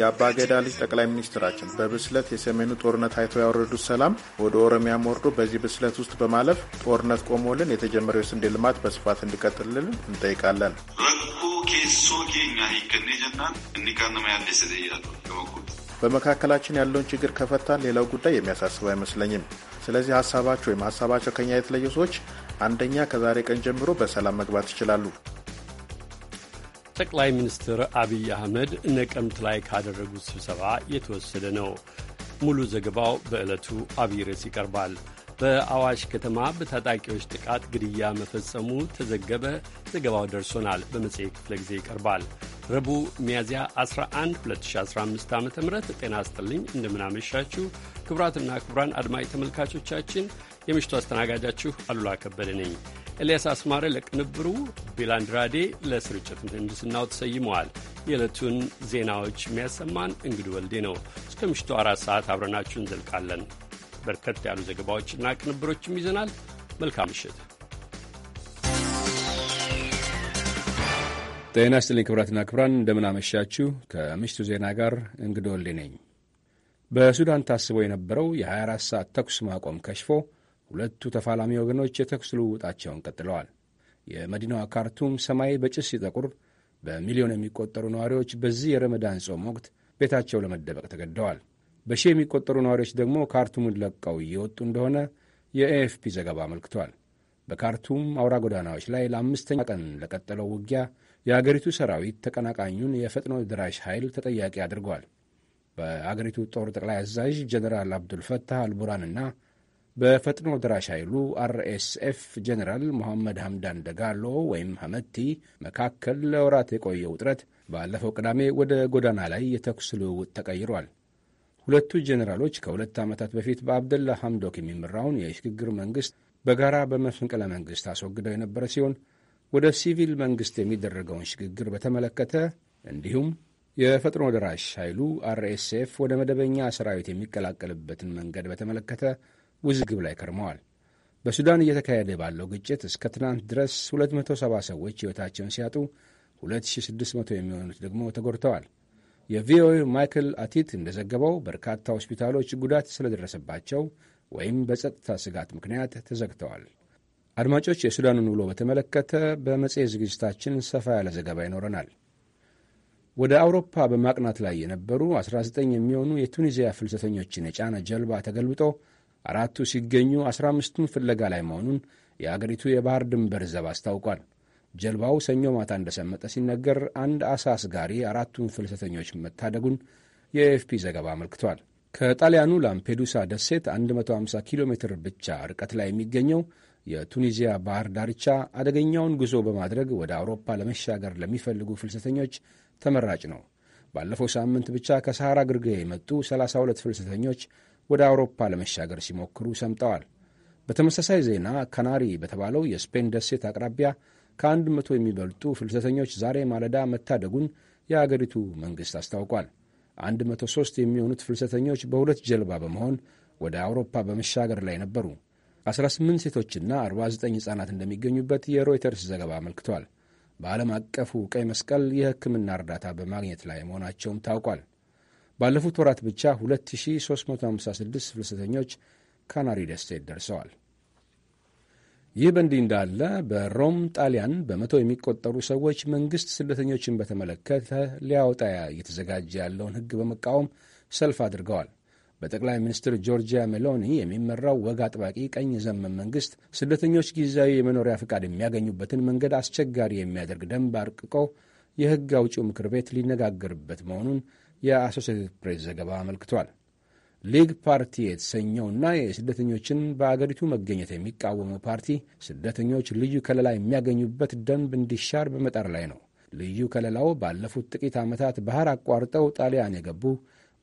የአባ ገዳ ልጅ ጠቅላይ ሚኒስትራችን በብስለት የሰሜኑ ጦርነት አይተው ያወረዱት ሰላም ወደ ኦሮሚያም ወርዶ በዚህ ብስለት ውስጥ በማለፍ ጦርነት ቆሞልን የተጀመረው የስንዴ ልማት በስፋት እንዲቀጥልልን እንጠይቃለን። በመካከላችን ያለውን ችግር ከፈታን ሌላው ጉዳይ የሚያሳስብ አይመስለኝም። ስለዚህ ሀሳባቸው ወይም ሀሳባቸው ከኛ የተለዩ ሰዎች አንደኛ ከዛሬ ቀን ጀምሮ በሰላም መግባት ይችላሉ። ጠቅላይ ሚኒስትር አብይ አህመድ ነቀምት ላይ ካደረጉት ስብሰባ የተወሰደ ነው። ሙሉ ዘገባው በዕለቱ አብይ ርዕስ ይቀርባል። በአዋሽ ከተማ በታጣቂዎች ጥቃት ግድያ መፈጸሙ ተዘገበ። ዘገባው ደርሶናል፣ በመጽሔት ክፍለ ጊዜ ይቀርባል። ረቡዕ ሚያዝያ 11 2015 ዓ ም ጤና ይስጥልኝ፣ እንደምናመሻችሁ ክቡራትና ክቡራን አድማጭ ተመልካቾቻችን። የምሽቱ አስተናጋጃችሁ አሉላ ከበደ ነኝ። ኤልያስ አስማረ ለቅንብሩ፣ ቢላንድራዴ ለስርጭት ምህንድስናው ተሰይመዋል። የዕለቱን ዜናዎች የሚያሰማን እንግዲ ወልዴ ነው። እስከ ምሽቱ አራት ሰዓት አብረናችሁ እንዘልቃለን። በርከት ያሉ ዘገባዎችና ቅንብሮችም ይዘናል። መልካም ምሽት። ጤና ይስጥልኝ ክብራን ክቡራን፣ እንደምናመሻችሁ። ከምሽቱ ዜና ጋር እንግዶ ወልዴ ነኝ። በሱዳን ታስቦ የነበረው የ24 ሰዓት ተኩስ ማቆም ከሽፎ ሁለቱ ተፋላሚ ወገኖች የተኩስ ልውውጣቸውን ቀጥለዋል። የመዲናዋ ካርቱም ሰማይ በጭስ ሲጠቁር በሚሊዮን የሚቆጠሩ ነዋሪዎች በዚህ የረመዳን ጾም ወቅት ቤታቸው ለመደበቅ ተገደዋል። በሺህ የሚቆጠሩ ነዋሪዎች ደግሞ ካርቱምን ለቀው እየወጡ እንደሆነ የኤኤፍፒ ዘገባ አመልክቷል። በካርቱም አውራ ጎዳናዎች ላይ ለአምስተኛ ቀን ለቀጠለው ውጊያ የአገሪቱ ሰራዊት ተቀናቃኙን የፈጥኖ ድራሽ ኃይል ተጠያቂ አድርጓል። በአገሪቱ ጦር ጠቅላይ አዛዥ ጀነራል አብዱልፈታህ አልቡራንና በፈጥኖ ድራሽ ኃይሉ አርኤስኤፍ ጀኔራል መሐመድ ሐምዳን ደጋሎ ወይም ሐመቲ መካከል ለወራት የቆየ ውጥረት ባለፈው ቅዳሜ ወደ ጎዳና ላይ የተኩስ ልውውጥ ተቀይሯል። ሁለቱ ጀኔራሎች ከሁለት ዓመታት በፊት በአብደላ ሐምዶክ የሚመራውን የሽግግር መንግሥት በጋራ በመፈንቅለ መንግሥት አስወግደው የነበረ ሲሆን ወደ ሲቪል መንግሥት የሚደረገውን ሽግግር በተመለከተ እንዲሁም የፈጥኖ ደራሽ ኃይሉ አርኤስኤፍ ወደ መደበኛ ሰራዊት የሚቀላቀልበትን መንገድ በተመለከተ ውዝግብ ላይ ከርመዋል። በሱዳን እየተካሄደ ባለው ግጭት እስከ ትናንት ድረስ 270 ሰዎች ሕይወታቸውን ሲያጡ 2600 የሚሆኑት ደግሞ ተጎድተዋል። የቪኦኤ ማይክል አቲት እንደዘገበው በርካታ ሆስፒታሎች ጉዳት ስለደረሰባቸው ወይም በጸጥታ ስጋት ምክንያት ተዘግተዋል። አድማጮች፣ የሱዳኑን ውሎ በተመለከተ በመጽሔት ዝግጅታችን ሰፋ ያለ ዘገባ ይኖረናል። ወደ አውሮፓ በማቅናት ላይ የነበሩ 19 የሚሆኑ የቱኒዚያ ፍልሰተኞችን የጫነ ጀልባ ተገልብጦ አራቱ ሲገኙ አስራ አምስቱም ፍለጋ ላይ መሆኑን የአገሪቱ የባህር ድንበር ዘብ አስታውቋል። ጀልባው ሰኞ ማታ እንደሰመጠ ሲነገር አንድ አሳ አስጋሪ አራቱን ፍልሰተኞች መታደጉን የኤኤፍፒ ዘገባ አመልክቷል። ከጣሊያኑ ላምፔዱሳ ደሴት 150 ኪሎ ሜትር ብቻ ርቀት ላይ የሚገኘው የቱኒዚያ ባህር ዳርቻ አደገኛውን ጉዞ በማድረግ ወደ አውሮፓ ለመሻገር ለሚፈልጉ ፍልሰተኞች ተመራጭ ነው። ባለፈው ሳምንት ብቻ ከሰሐራ ግርጌ የመጡ 32 ፍልሰተኞች ወደ አውሮፓ ለመሻገር ሲሞክሩ ሰምጠዋል። በተመሳሳይ ዜና ካናሪ በተባለው የስፔን ደሴት አቅራቢያ ከአንድ መቶ የሚበልጡ ፍልሰተኞች ዛሬ ማለዳ መታደጉን የአገሪቱ መንግሥት አስታውቋል። 103 የሚሆኑት ፍልሰተኞች በሁለት ጀልባ በመሆን ወደ አውሮፓ በመሻገር ላይ ነበሩ። 18 ሴቶችና 49 ሕፃናት እንደሚገኙበት የሮይተርስ ዘገባ አመልክቷል። በዓለም አቀፉ ቀይ መስቀል የሕክምና እርዳታ በማግኘት ላይ መሆናቸውም ታውቋል። ባለፉት ወራት ብቻ 2356 ፍልሰተኞች ካናሪ ደሴት ደርሰዋል። ይህ በእንዲህ እንዳለ በሮም ጣሊያን በመቶ የሚቆጠሩ ሰዎች መንግሥት ስደተኞችን በተመለከተ ሊያወጣ እየተዘጋጀ ያለውን ሕግ በመቃወም ሰልፍ አድርገዋል። በጠቅላይ ሚኒስትር ጆርጂያ ሜሎኒ የሚመራው ወግ አጥባቂ ቀኝ ዘመን መንግሥት ስደተኞች ጊዜያዊ የመኖሪያ ፈቃድ የሚያገኙበትን መንገድ አስቸጋሪ የሚያደርግ ደንብ አርቅቆ የሕግ አውጪው ምክር ቤት ሊነጋገርበት መሆኑን የአሶሴትድ ፕሬስ ዘገባ አመልክቷል። ሊግ ፓርቲ የተሰኘውና የስደተኞችን በአገሪቱ መገኘት የሚቃወመው ፓርቲ ስደተኞች ልዩ ከለላ የሚያገኙበት ደንብ እንዲሻር በመጣር ላይ ነው። ልዩ ከለላው ባለፉት ጥቂት ዓመታት ባህር አቋርጠው ጣሊያን የገቡ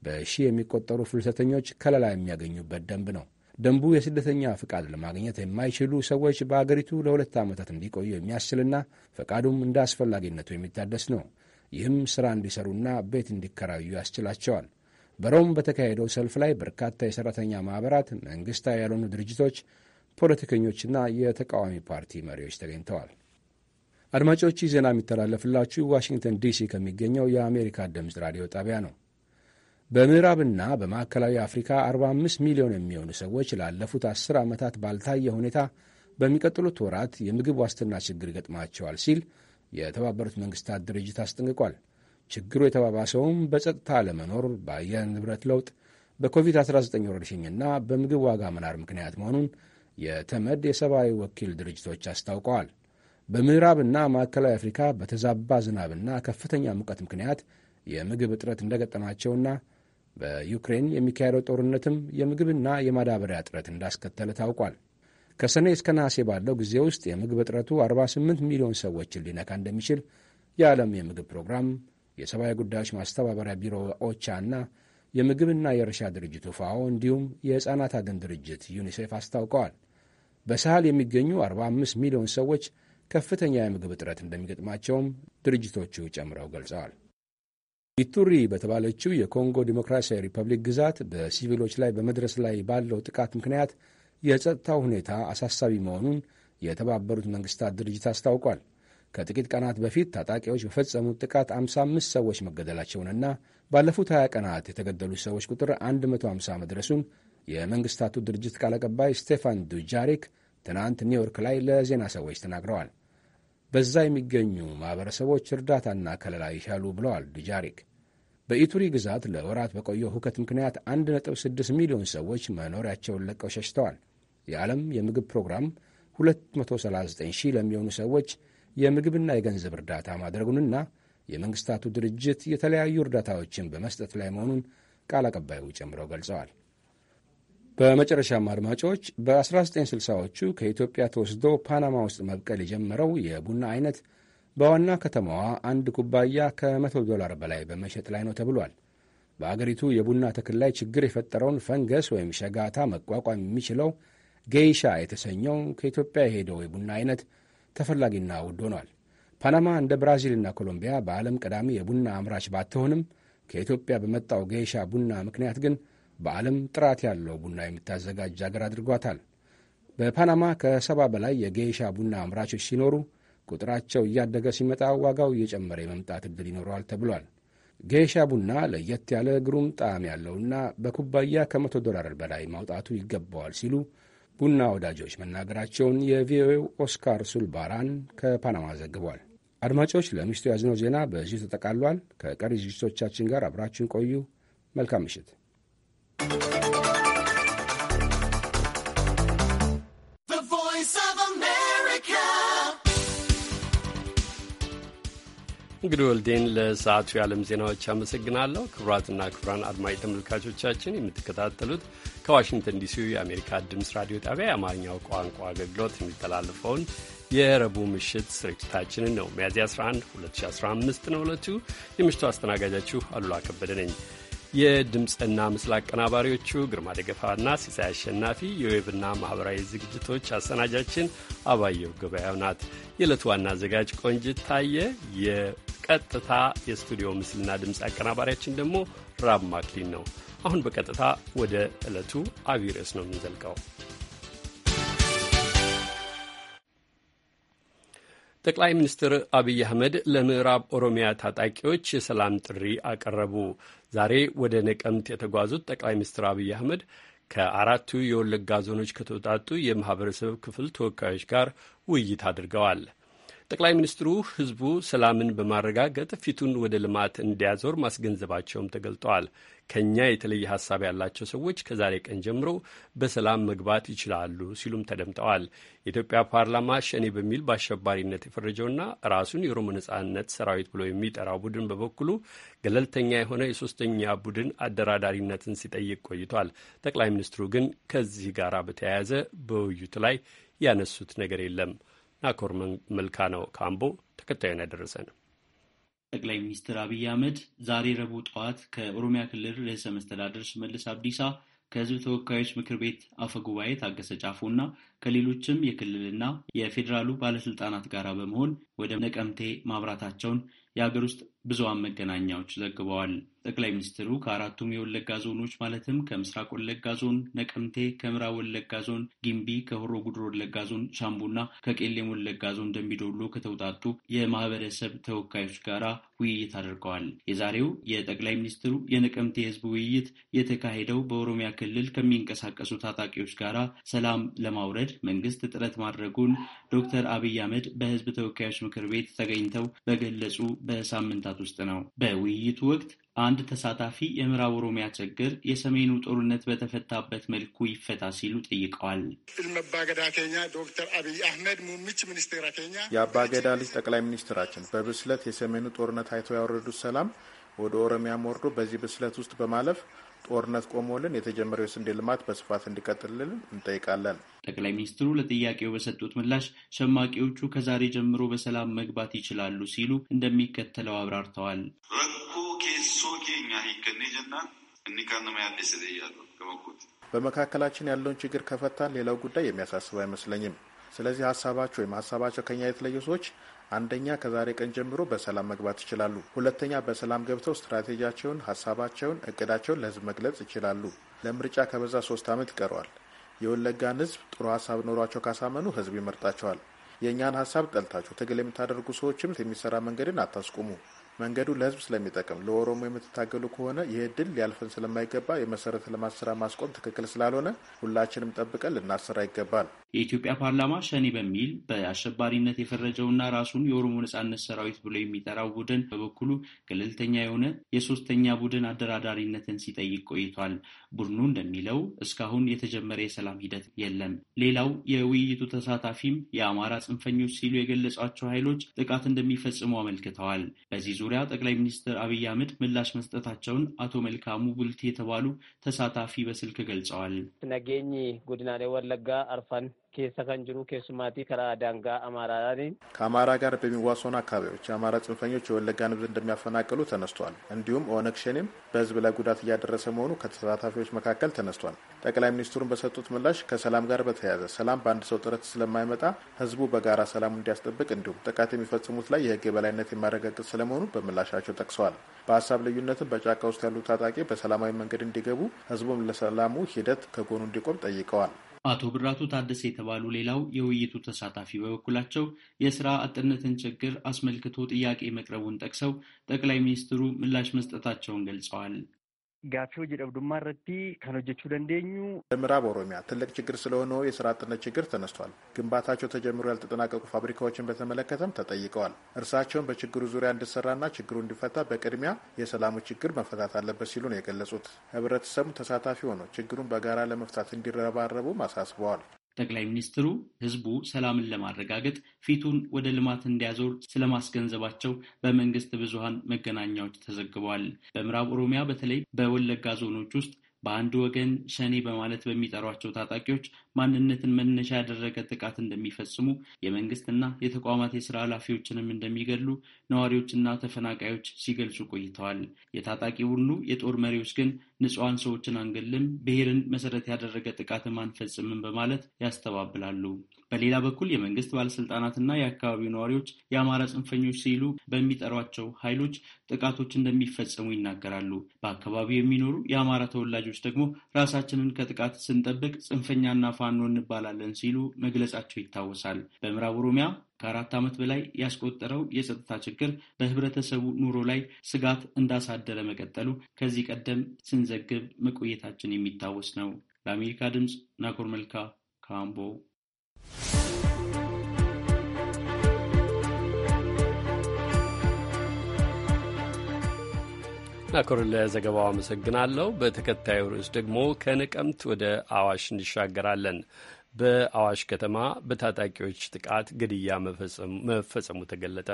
በሺ የሚቆጠሩ ፍልሰተኞች ከለላ የሚያገኙበት ደንብ ነው። ደንቡ የስደተኛ ፍቃድ ለማግኘት የማይችሉ ሰዎች በአገሪቱ ለሁለት ዓመታት እንዲቆዩ የሚያስችልና ፈቃዱም እንደ አስፈላጊነቱ የሚታደስ ነው። ይህም ሥራ እንዲሰሩና ቤት እንዲከራዩ ያስችላቸዋል። በሮም በተካሄደው ሰልፍ ላይ በርካታ የሠራተኛ ማኅበራት፣ መንግሥታዊ ያልሆኑ ድርጅቶች፣ ፖለቲከኞችና የተቃዋሚ ፓርቲ መሪዎች ተገኝተዋል። አድማጮች ዜና የሚተላለፍላችሁ ዋሽንግተን ዲሲ ከሚገኘው የአሜሪካ ድምፅ ራዲዮ ጣቢያ ነው። በምዕራብና በማዕከላዊ አፍሪካ 45 ሚሊዮን የሚሆኑ ሰዎች ላለፉት አስር ዓመታት ባልታየ ሁኔታ በሚቀጥሉት ወራት የምግብ ዋስትና ችግር ይገጥማቸዋል ሲል የተባበሩት መንግስታት ድርጅት አስጠንቅቋል። ችግሩ የተባባሰውም በጸጥታ አለመኖር፣ በአየር ንብረት ለውጥ፣ በኮቪድ-19 ወረርሽኝና በምግብ ዋጋ መናር ምክንያት መሆኑን የተመድ የሰብአዊ ወኪል ድርጅቶች አስታውቀዋል። በምዕራብና ማዕከላዊ አፍሪካ በተዛባ ዝናብና ከፍተኛ ሙቀት ምክንያት የምግብ እጥረት እንደገጠማቸውና በዩክሬን የሚካሄደው ጦርነትም የምግብና የማዳበሪያ እጥረት እንዳስከተለ ታውቋል። ከሰኔ እስከ ነሐሴ ባለው ጊዜ ውስጥ የምግብ እጥረቱ 48 ሚሊዮን ሰዎችን ሊነካ እንደሚችል የዓለም የምግብ ፕሮግራም፣ የሰብአዊ ጉዳዮች ማስተባበሪያ ቢሮ ኦቻ እና የምግብና የእርሻ ድርጅቱ ፋኦ እንዲሁም የሕፃናት አድን ድርጅት ዩኒሴፍ አስታውቀዋል። በሳህል የሚገኙ 45 ሚሊዮን ሰዎች ከፍተኛ የምግብ እጥረት እንደሚገጥማቸውም ድርጅቶቹ ጨምረው ገልጸዋል። ኢቱሪ በተባለችው የኮንጎ ዲሞክራሲያዊ ሪፐብሊክ ግዛት በሲቪሎች ላይ በመድረስ ላይ ባለው ጥቃት ምክንያት የጸጥታው ሁኔታ አሳሳቢ መሆኑን የተባበሩት መንግስታት ድርጅት አስታውቋል። ከጥቂት ቀናት በፊት ታጣቂዎች በፈጸሙት ጥቃት 55 ሰዎች መገደላቸውንና ባለፉት 20 ቀናት የተገደሉ ሰዎች ቁጥር 150 መድረሱን የመንግስታቱ ድርጅት ቃል አቀባይ ስቴፋን ዱጃሪክ ትናንት ኒውዮርክ ላይ ለዜና ሰዎች ተናግረዋል። በዛ የሚገኙ ማኅበረሰቦች እርዳታና ከለላ ይሻሉ ብለዋል ዱጃሪክ። በኢቱሪ ግዛት ለወራት በቆየው ሁከት ምክንያት 1.6 ሚሊዮን ሰዎች መኖሪያቸውን ለቀው ሸሽተዋል። የዓለም የምግብ ፕሮግራም 239 ሺህ ለሚሆኑ ሰዎች የምግብና የገንዘብ እርዳታ ማድረጉንና የመንግስታቱ ድርጅት የተለያዩ እርዳታዎችን በመስጠት ላይ መሆኑን ቃል አቀባዩ ጨምረው ገልጸዋል። በመጨረሻም አድማጮች በ1960ዎቹ ከኢትዮጵያ ተወስዶ ፓናማ ውስጥ መብቀል የጀመረው የቡና አይነት በዋና ከተማዋ አንድ ኩባያ ከ100 ዶላር በላይ በመሸጥ ላይ ነው ተብሏል። በአገሪቱ የቡና ተክል ላይ ችግር የፈጠረውን ፈንገስ ወይም ሸጋታ መቋቋም የሚችለው ጌይሻ የተሰኘው ከኢትዮጵያ የሄደው የቡና አይነት ተፈላጊና ውድ ሆኗል። ፓናማ እንደ ብራዚልና ኮሎምቢያ በዓለም ቀዳሚ የቡና አምራች ባትሆንም ከኢትዮጵያ በመጣው ጌይሻ ቡና ምክንያት ግን በዓለም ጥራት ያለው ቡና የምታዘጋጅ አገር አድርጓታል። በፓናማ ከሰባ በላይ የጌይሻ ቡና አምራቾች ሲኖሩ ቁጥራቸው እያደገ ሲመጣ ዋጋው እየጨመረ የመምጣት ዕድል ይኖረዋል ተብሏል። ጌሻ ቡና ለየት ያለ ግሩም ጣዕም ያለውና በኩባያ ከመቶ ዶላር በላይ ማውጣቱ ይገባዋል ሲሉ ቡና ወዳጆች መናገራቸውን የቪኦኤው ኦስካር ሱልባራን ከፓናማ ዘግቧል። አድማጮች፣ ለምሽቱ ያዝነው ዜና በዚሁ ተጠቃሏል። ከቀሪ ዝግጅቶቻችን ጋር አብራችሁን ቆዩ። መልካም ምሽት። እንግዲህ ወልዴን ለሰዓቱ የዓለም ዜናዎች አመሰግናለሁ። ክቡራትና ክቡራን አድማጭ ተመልካቾቻችን የምትከታተሉት ከዋሽንግተን ዲሲ የአሜሪካ ድምፅ ራዲዮ ጣቢያ የአማርኛው ቋንቋ አገልግሎት የሚተላለፈውን የረቡዕ ምሽት ስርጭታችንን ነው። ሚያዝያ 11 2015 ነው ዕለቱ። የምሽቱ አስተናጋጃችሁ አሉላ ከበደ ነኝ። የድምፅና ምስል አቀናባሪዎቹ ግርማ ደገፋና ሲሳይ አሸናፊ፣ የዌብና ማኅበራዊ ዝግጅቶች አሰናጃችን አባየሁ ገበያው ናት። የዕለቱ ዋና አዘጋጅ ቆንጅት ታየ፣ የቀጥታ የስቱዲዮ ምስልና ድምፅ አቀናባሪያችን ደግሞ ራብ ማክሊን ነው። አሁን በቀጥታ ወደ ዕለቱ አብይ ርዕስ ነው የምንዘልቀው። ጠቅላይ ሚኒስትር አብይ አህመድ ለምዕራብ ኦሮሚያ ታጣቂዎች የሰላም ጥሪ አቀረቡ። ዛሬ ወደ ነቀምት የተጓዙት ጠቅላይ ሚኒስትር አብይ አህመድ ከአራቱ የወለጋ ዞኖች ከተውጣጡ የማህበረሰብ ክፍል ተወካዮች ጋር ውይይት አድርገዋል። ጠቅላይ ሚኒስትሩ ህዝቡ ሰላምን በማረጋገጥ ፊቱን ወደ ልማት እንዲያዞር ማስገንዘባቸውም ተገልጠዋል። ከእኛ የተለየ ሀሳብ ያላቸው ሰዎች ከዛሬ ቀን ጀምሮ በሰላም መግባት ይችላሉ ሲሉም ተደምጠዋል። የኢትዮጵያ ፓርላማ ሸኔ በሚል በአሸባሪነት የፈረጀውና ራሱን የኦሮሞ ነጻነት ሰራዊት ብሎ የሚጠራው ቡድን በበኩሉ ገለልተኛ የሆነ የሶስተኛ ቡድን አደራዳሪነትን ሲጠይቅ ቆይቷል። ጠቅላይ ሚኒስትሩ ግን ከዚህ ጋር በተያያዘ በውይይቱ ላይ ያነሱት ነገር የለም። ናኮር መልካ ነው ካምቦ ተከታዩን ያደረሰን። ጠቅላይ ሚኒስትር አብይ አህመድ ዛሬ ረቡዕ ጠዋት ከኦሮሚያ ክልል ርዕሰ መስተዳደር ሽመልስ አብዲሳ ከህዝብ ተወካዮች ምክር ቤት አፈ ጉባኤ ታገሰ ጫፉ እና ከሌሎችም የክልልና የፌዴራሉ ባለስልጣናት ጋር በመሆን ወደ ነቀምቴ ማብራታቸውን የሀገር ውስጥ ብዙሃን መገናኛዎች ዘግበዋል። ጠቅላይ ሚኒስትሩ ከአራቱም የወለጋ ዞኖች ማለትም ከምስራቅ ወለጋ ዞን ነቀምቴ፣ ከምዕራብ ወለጋ ዞን ጊምቢ፣ ከሆሮ ጉድሮ ወለጋ ዞን ሻምቡና ከቄሌም ወለጋ ዞን ደምቢዶሎ ከተውጣጡ የማህበረሰብ ተወካዮች ጋር ውይይት አድርገዋል። የዛሬው የጠቅላይ ሚኒስትሩ የነቀምቴ ህዝብ ውይይት የተካሄደው በኦሮሚያ ክልል ከሚንቀሳቀሱ ታጣቂዎች ጋራ ሰላም ለማውረድ መንግስት ጥረት ማድረጉን ዶክተር አብይ አህመድ በህዝብ ተወካዮች ምክር ቤት ተገኝተው በገለጹ በሳምንታት ውስጥ ነው። በውይይቱ ወቅት አንድ ተሳታፊ የምዕራብ ኦሮሚያ ችግር የሰሜኑ ጦርነት በተፈታበት መልኩ ይፈታ ሲሉ ጠይቀዋል። ዶክተር አብይ አህመድ ሙሚች ሚኒስቴራ ኬኛ የአባገዳ ልጅ ጠቅላይ ሚኒስትራችን በብስለት የሰሜኑ ጦርነት አይተው ያወረዱት ሰላም ወደ ኦሮሚያም ወርዶ በዚህ ብስለት ውስጥ በማለፍ ጦርነት ቆሞልን የተጀመረው የስንዴ ልማት በስፋት እንዲቀጥልልን እንጠይቃለን። ጠቅላይ ሚኒስትሩ ለጥያቄው በሰጡት ምላሽ ሸማቂዎቹ ከዛሬ ጀምሮ በሰላም መግባት ይችላሉ ሲሉ እንደሚከተለው አብራርተዋል። ከመኩት በመካከላችን ያለውን ችግር ከፈታን ሌላው ጉዳይ የሚያሳስብ አይመስለኝም። ስለዚህ ሀሳባቸው ወይም ሀሳባቸው ከኛ የተለዩ ሰዎች አንደኛ ከዛሬ ቀን ጀምሮ በሰላም መግባት ይችላሉ። ሁለተኛ በሰላም ገብተው ስትራቴጂያቸውን፣ ሀሳባቸውን፣ እቅዳቸውን ለህዝብ መግለጽ ይችላሉ። ለምርጫ ከበዛ ሶስት ዓመት ይቀረዋል። የወለጋን ህዝብ ጥሩ ሀሳብ ኖሯቸው ካሳመኑ ህዝብ ይመርጣቸዋል። የእኛን ሀሳብ ጠልታችሁ ትግል የምታደርጉ ሰዎችም የሚሰራ መንገድን አታስቁሙ። መንገዱ ለህዝብ ስለሚጠቅም ለኦሮሞ የምትታገሉ ከሆነ ይህ ድል ሊያልፈን ስለማይገባ የመሰረተ ልማት ስራ ማስቆም ትክክል ስላልሆነ ሁላችንም ጠብቀን ልናሰራ ይገባል። የኢትዮጵያ ፓርላማ ሸኔ በሚል በአሸባሪነት የፈረጀውና ራሱን የኦሮሞ ነጻነት ሰራዊት ብሎ የሚጠራው ቡድን በበኩሉ ገለልተኛ የሆነ የሶስተኛ ቡድን አደራዳሪነትን ሲጠይቅ ቆይቷል። ቡድኑ እንደሚለው እስካሁን የተጀመረ የሰላም ሂደት የለም። ሌላው የውይይቱ ተሳታፊም የአማራ ጽንፈኞች ሲሉ የገለጿቸው ኃይሎች ጥቃት እንደሚፈጽሙ አመልክተዋል። በዚህ ዙሪያ ጠቅላይ ሚኒስትር አብይ አህመድ ምላሽ መስጠታቸውን አቶ መልካሙ ቡልቲ የተባሉ ተሳታፊ በስልክ ገልጸዋል። ነገኝ ጉድና ወለጋ አርፋን keessa kan jiru keessumaatii karaa daangaa ከአማራ ጋር በሚዋሰኑ አካባቢዎች የአማራ ጽንፈኞች የወለጋን ሕዝብ እንደሚያፈናቅሉ ተነስቷል። እንዲሁም ኦነግ ሸኔም በሕዝብ ላይ ጉዳት እያደረሰ መሆኑ ከተሳታፊዎች መካከል ተነስቷል። ጠቅላይ ሚኒስትሩን በሰጡት ምላሽ ከሰላም ጋር በተያያዘ ሰላም በአንድ ሰው ጥረት ስለማይመጣ ህዝቡ በጋራ ሰላሙ እንዲያስጠብቅ እንዲሁም ጥቃት የሚፈጽሙት ላይ የህግ የበላይነት የማረጋገጥ ስለመሆኑ በምላሻቸው ጠቅሰዋል። በሀሳብ ልዩነትም በጫካ ውስጥ ያሉ ታጣቂ በሰላማዊ መንገድ እንዲገቡ ሕዝቡም ለሰላሙ ሂደት ከጎኑ እንዲቆም ጠይቀዋል። አቶ ብራቱ ታደሰ የተባሉ ሌላው የውይይቱ ተሳታፊ በበኩላቸው የስራ አጥነትን ችግር አስመልክቶ ጥያቄ መቅረቡን ጠቅሰው ጠቅላይ ሚኒስትሩ ምላሽ መስጠታቸውን ገልጸዋል። Gaaffii hojii dhabdummaa ረቲ kan hojjechuu dandeenyu ኦሮሚያ ትልቅ ችግር ስለሆነ የስራ አጥነት ችግር ተነስቷል። ግንባታቸው ተጀምሮ ያልተጠናቀቁ ፋብሪካዎችን በተመለከተም ተጠይቀዋል። እርሳቸውን በችግሩ ዙሪያ እንዲሰራና ችግሩ እንዲፈታ በቅድሚያ የሰላሙ ችግር መፈታት አለበት ሲሉ ነው የገለጹት። ህብረተሰቡ ተሳታፊ ሆኖ ችግሩን በጋራ ለመፍታት እንዲረባረቡ አሳስበዋል። ጠቅላይ ሚኒስትሩ ህዝቡ ሰላምን ለማረጋገጥ ፊቱን ወደ ልማት እንዲያዞር ስለማስገንዘባቸው በመንግስት ብዙሃን መገናኛዎች ተዘግበዋል። በምዕራብ ኦሮሚያ በተለይ በወለጋ ዞኖች ውስጥ በአንድ ወገን ሸኔ በማለት በሚጠሯቸው ታጣቂዎች ማንነትን መነሻ ያደረገ ጥቃት እንደሚፈጽሙ፣ የመንግስትና የተቋማት የስራ ኃላፊዎችንም እንደሚገሉ ነዋሪዎችና ተፈናቃዮች ሲገልጹ ቆይተዋል። የታጣቂ ቡድኑ የጦር መሪዎች ግን ንጹሐን ሰዎችን አንገልም፣ ብሔርን መሰረት ያደረገ ጥቃትም አንፈጽምም በማለት ያስተባብላሉ። በሌላ በኩል የመንግስት ባለስልጣናትና የአካባቢው ነዋሪዎች የአማራ ጽንፈኞች ሲሉ በሚጠሯቸው ኃይሎች ጥቃቶች እንደሚፈጸሙ ይናገራሉ። በአካባቢው የሚኖሩ የአማራ ተወላጆች ደግሞ ራሳችንን ከጥቃት ስንጠብቅ ጽንፈኛና ፋኖ እንባላለን ሲሉ መግለጻቸው ይታወሳል። በምዕራብ ኦሮሚያ ከአራት ዓመት በላይ ያስቆጠረው የጸጥታ ችግር በህብረተሰቡ ኑሮ ላይ ስጋት እንዳሳደረ መቀጠሉ ከዚህ ቀደም ስንዘግብ መቆየታችን የሚታወስ ነው። ለአሜሪካ ድምፅ ናኮር መልካ ካምቦ ናኮርን ለዘገባው አመሰግናለሁ። በተከታዩ ርዕስ ደግሞ ከነቀምት ወደ አዋሽ እንሻገራለን። በአዋሽ ከተማ በታጣቂዎች ጥቃት ግድያ መፈጸሙ ተገለጠ።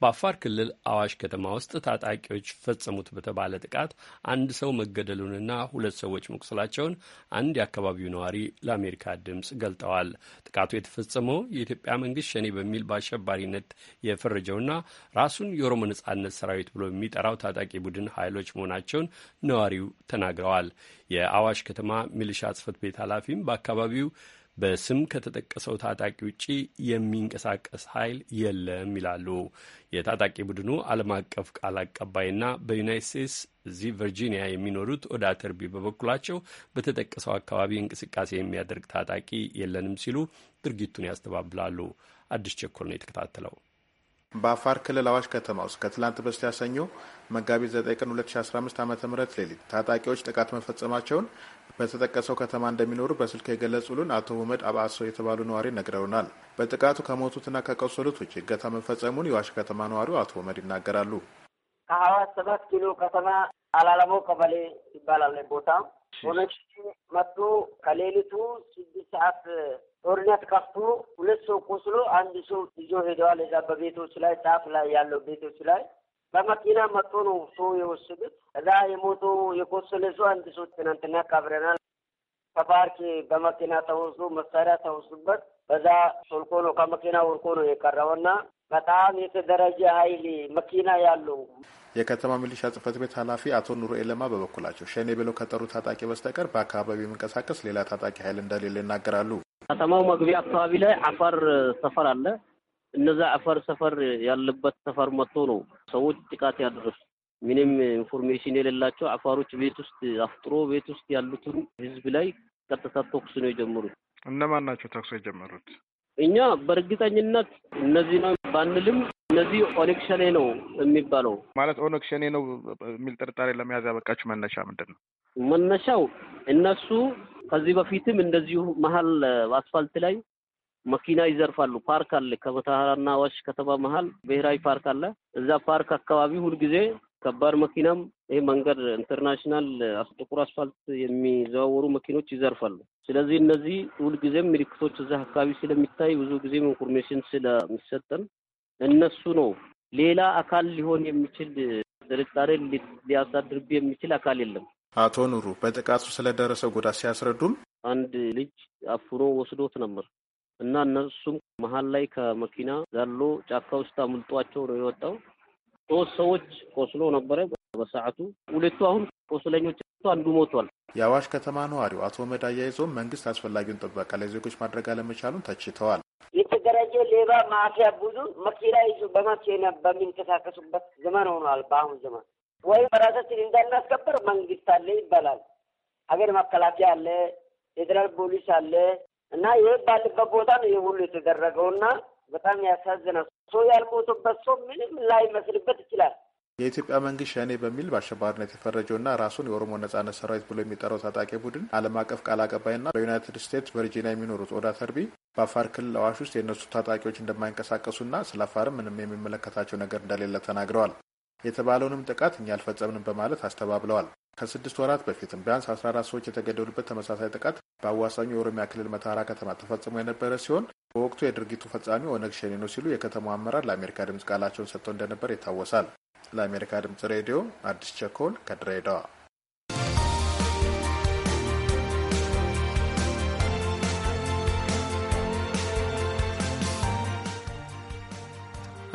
በአፋር ክልል አዋሽ ከተማ ውስጥ ታጣቂዎች ፈጸሙት በተባለ ጥቃት አንድ ሰው መገደሉንና ሁለት ሰዎች መቁሰላቸውን አንድ የአካባቢው ነዋሪ ለአሜሪካ ድምፅ ገልጠዋል። ጥቃቱ የተፈጸመው የኢትዮጵያ መንግስት ሸኔ በሚል በአሸባሪነት የፈረጀውና ራሱን የኦሮሞ ነጻነት ሰራዊት ብሎ የሚጠራው ታጣቂ ቡድን ኃይሎች መሆናቸውን ነዋሪው ተናግረዋል። የአዋሽ ከተማ ሚሊሻ ጽህፈት ቤት ኃላፊም በአካባቢው በስም ከተጠቀሰው ታጣቂ ውጪ የሚንቀሳቀስ ኃይል የለም ይላሉ። የታጣቂ ቡድኑ ዓለም አቀፍ ቃል አቀባይና በዩናይት ስቴትስ እዚህ ቨርጂኒያ የሚኖሩት ኦዳ ተርቢ በበኩላቸው በተጠቀሰው አካባቢ እንቅስቃሴ የሚያደርግ ታጣቂ የለንም ሲሉ ድርጊቱን ያስተባብላሉ። አዲስ ቸኮል ነው የተከታተለው። በአፋር ክልል አዋሽ ከተማ ውስጥ ከትላንት በስቲያ ሰኞ መጋቢት 9 ቀን 2015 ዓ ም ሌሊት ታጣቂዎች ጥቃት መፈጸማቸውን በተጠቀሰው ከተማ እንደሚኖሩ በስልክ የገለጹልን አቶ ሁመድ አብአሶ የተባሉ ነዋሪ ነግረውናል። በጥቃቱ ከሞቱትና ከቆሰሉት ውጭ እገታ መፈጸሙን የዋሽ ከተማ ነዋሪው አቶ ሁመድ ይናገራሉ። ከሀዋት ሰባት ኪሎ ከተማ አላለሞ ቀበሌ ይባላል ቦታ ሆነች መጡ ከሌሊቱ ስድስት ሰዓት ጦርነት ከፍቶ ሁለት ሰው ቆስሎ አንድ ሰው ይዞ ሄደዋል። እዛ በቤቶች ላይ ጫፍ ላይ ያለው ቤቶች ላይ በመኪና መጥቶ ነው ሰው የወሰዱት። እዛ የሞቶ የቆሰለ ሰው አንድ ሰው ትናንትና ካብረናል። ከፓርክ በመኪና ተወስዶ መሳሪያ ተወስዶበት በዛ ሶልኮ ነው ከመኪና ወርቆ ነው የቀረውና በጣም የተደራጀ ኃይል መኪና ያለው የከተማ ሚሊሻ ጽህፈት ቤት ኃላፊ አቶ ኑሮ ለማ በበኩላቸው ሸኔ ብለው ከጠሩ ታጣቂ በስተቀር በአካባቢው የሚንቀሳቀስ ሌላ ታጣቂ ኃይል እንደሌለ ይናገራሉ። ከተማው መግቢያ አካባቢ ላይ አፈር ሰፈር አለ። እነዛ አፈር ሰፈር ያለበት ሰፈር መጥቶ ነው ሰዎች ጥቃት ያደረሱ። ምንም ኢንፎርሜሽን የሌላቸው አፋሮች ቤት ውስጥ አፍጥሮ ቤት ውስጥ ያሉትን ህዝብ ላይ ቀጥታ ተኩስ ነው የጀመሩት። እነማን ናቸው ተኩስ የጀመሩት? እኛ በእርግጠኝነት እነዚህ ነው ባንልም ስለዚህ ኦነግ ሸኔ ነው የሚባለው። ማለት ኦነግ ሸኔ ነው የሚል ጥርጣሬ ለመያዝ ያበቃችሁ መነሻ ምንድን ነው? መነሻው እነሱ ከዚህ በፊትም እንደዚሁ መሀል አስፋልት ላይ መኪና ይዘርፋሉ። ፓርክ አለ፣ ከበታራና አዋሽ ከተማ መሀል ብሔራዊ ፓርክ አለ። እዛ ፓርክ አካባቢ ሁልጊዜ ከባድ መኪናም ይህ መንገድ ኢንተርናሽናል ጥቁር አስፋልት የሚዘዋወሩ መኪኖች ይዘርፋሉ። ስለዚህ እነዚህ ሁልጊዜም ምልክቶች እዛ አካባቢ ስለሚታይ ብዙ ጊዜም ኢንፎርሜሽን ስለሚሰጠን እነሱ ነው። ሌላ አካል ሊሆን የሚችል ጥርጣሬ ሊያሳድርብ የሚችል አካል የለም። አቶ ኑሩ በጥቃቱ ስለደረሰው ጉዳት ሲያስረዱም አንድ ልጅ አፍኖ ወስዶት ነበር እና እነሱም መሀል ላይ ከመኪና ዛሎ ጫካ ውስጥ አምልጧቸው ነው የወጣው። ሶስት ሰዎች ቆስሎ ነበረ በሰዓቱ። ሁለቱ አሁን ቆስለኞች፣ አንዱ ሞቷል። የአዋሽ ከተማ ነዋሪው አቶ መዳ አያይዞም መንግስት አስፈላጊውን ጥበቃ ለዜጎች ማድረግ አለመቻሉን ተችተዋል። የተደራጀ ሌባ ማፊያ ብዙ መኪና ይዞ በመኪና በሚንቀሳቀሱበት ዘመን ሆኗል። በአሁን ዘመን ወይም በራሳችን እንዳናስከበር መንግስት አለ ይባላል። ሀገር መከላከያ አለ፣ ፌዴራል ፖሊስ አለ እና ይህ ባለበት ቦታ ነው ይህ ሁሉ እና በጣም ያሳዝናል። ሰው ያልሞቱበት ሰው ምንም ላይመስልበት ይችላል። የኢትዮጵያ መንግስት ሸኔ በሚል በአሸባሪነት የተፈረጀውና ራሱን የኦሮሞ ነጻነት ሰራዊት ብሎ የሚጠራው ታጣቂ ቡድን ዓለም አቀፍ ቃል አቀባይና በዩናይትድ ስቴትስ ቨርጂኒያ የሚኖሩት ኦዳ ተርቢ በአፋር ክልል አዋሽ ውስጥ የእነሱ ታጣቂዎች እንደማይንቀሳቀሱና ስለ አፋር ምንም የሚመለከታቸው ነገር እንደሌለ ተናግረዋል። የተባለውንም ጥቃት እኛ አልፈጸምንም በማለት አስተባብለዋል። ከስድስት ወራት በፊትም ቢያንስ አስራ አራት ሰዎች የተገደሉበት ተመሳሳይ ጥቃት በአዋሳኙ የኦሮሚያ ክልል መተሃራ ከተማ ተፈጽሞ የነበረ ሲሆን በወቅቱ የድርጊቱ ፈጻሚ ኦነግ ሸኔ ነው ሲሉ የከተማው አመራር ለአሜሪካ ድምፅ ቃላቸውን ሰጥተው እንደነበር ይታወሳል። ለአሜሪካ ድምፅ ሬዲዮ አዲስ ቸኮል ከድሬዳዋ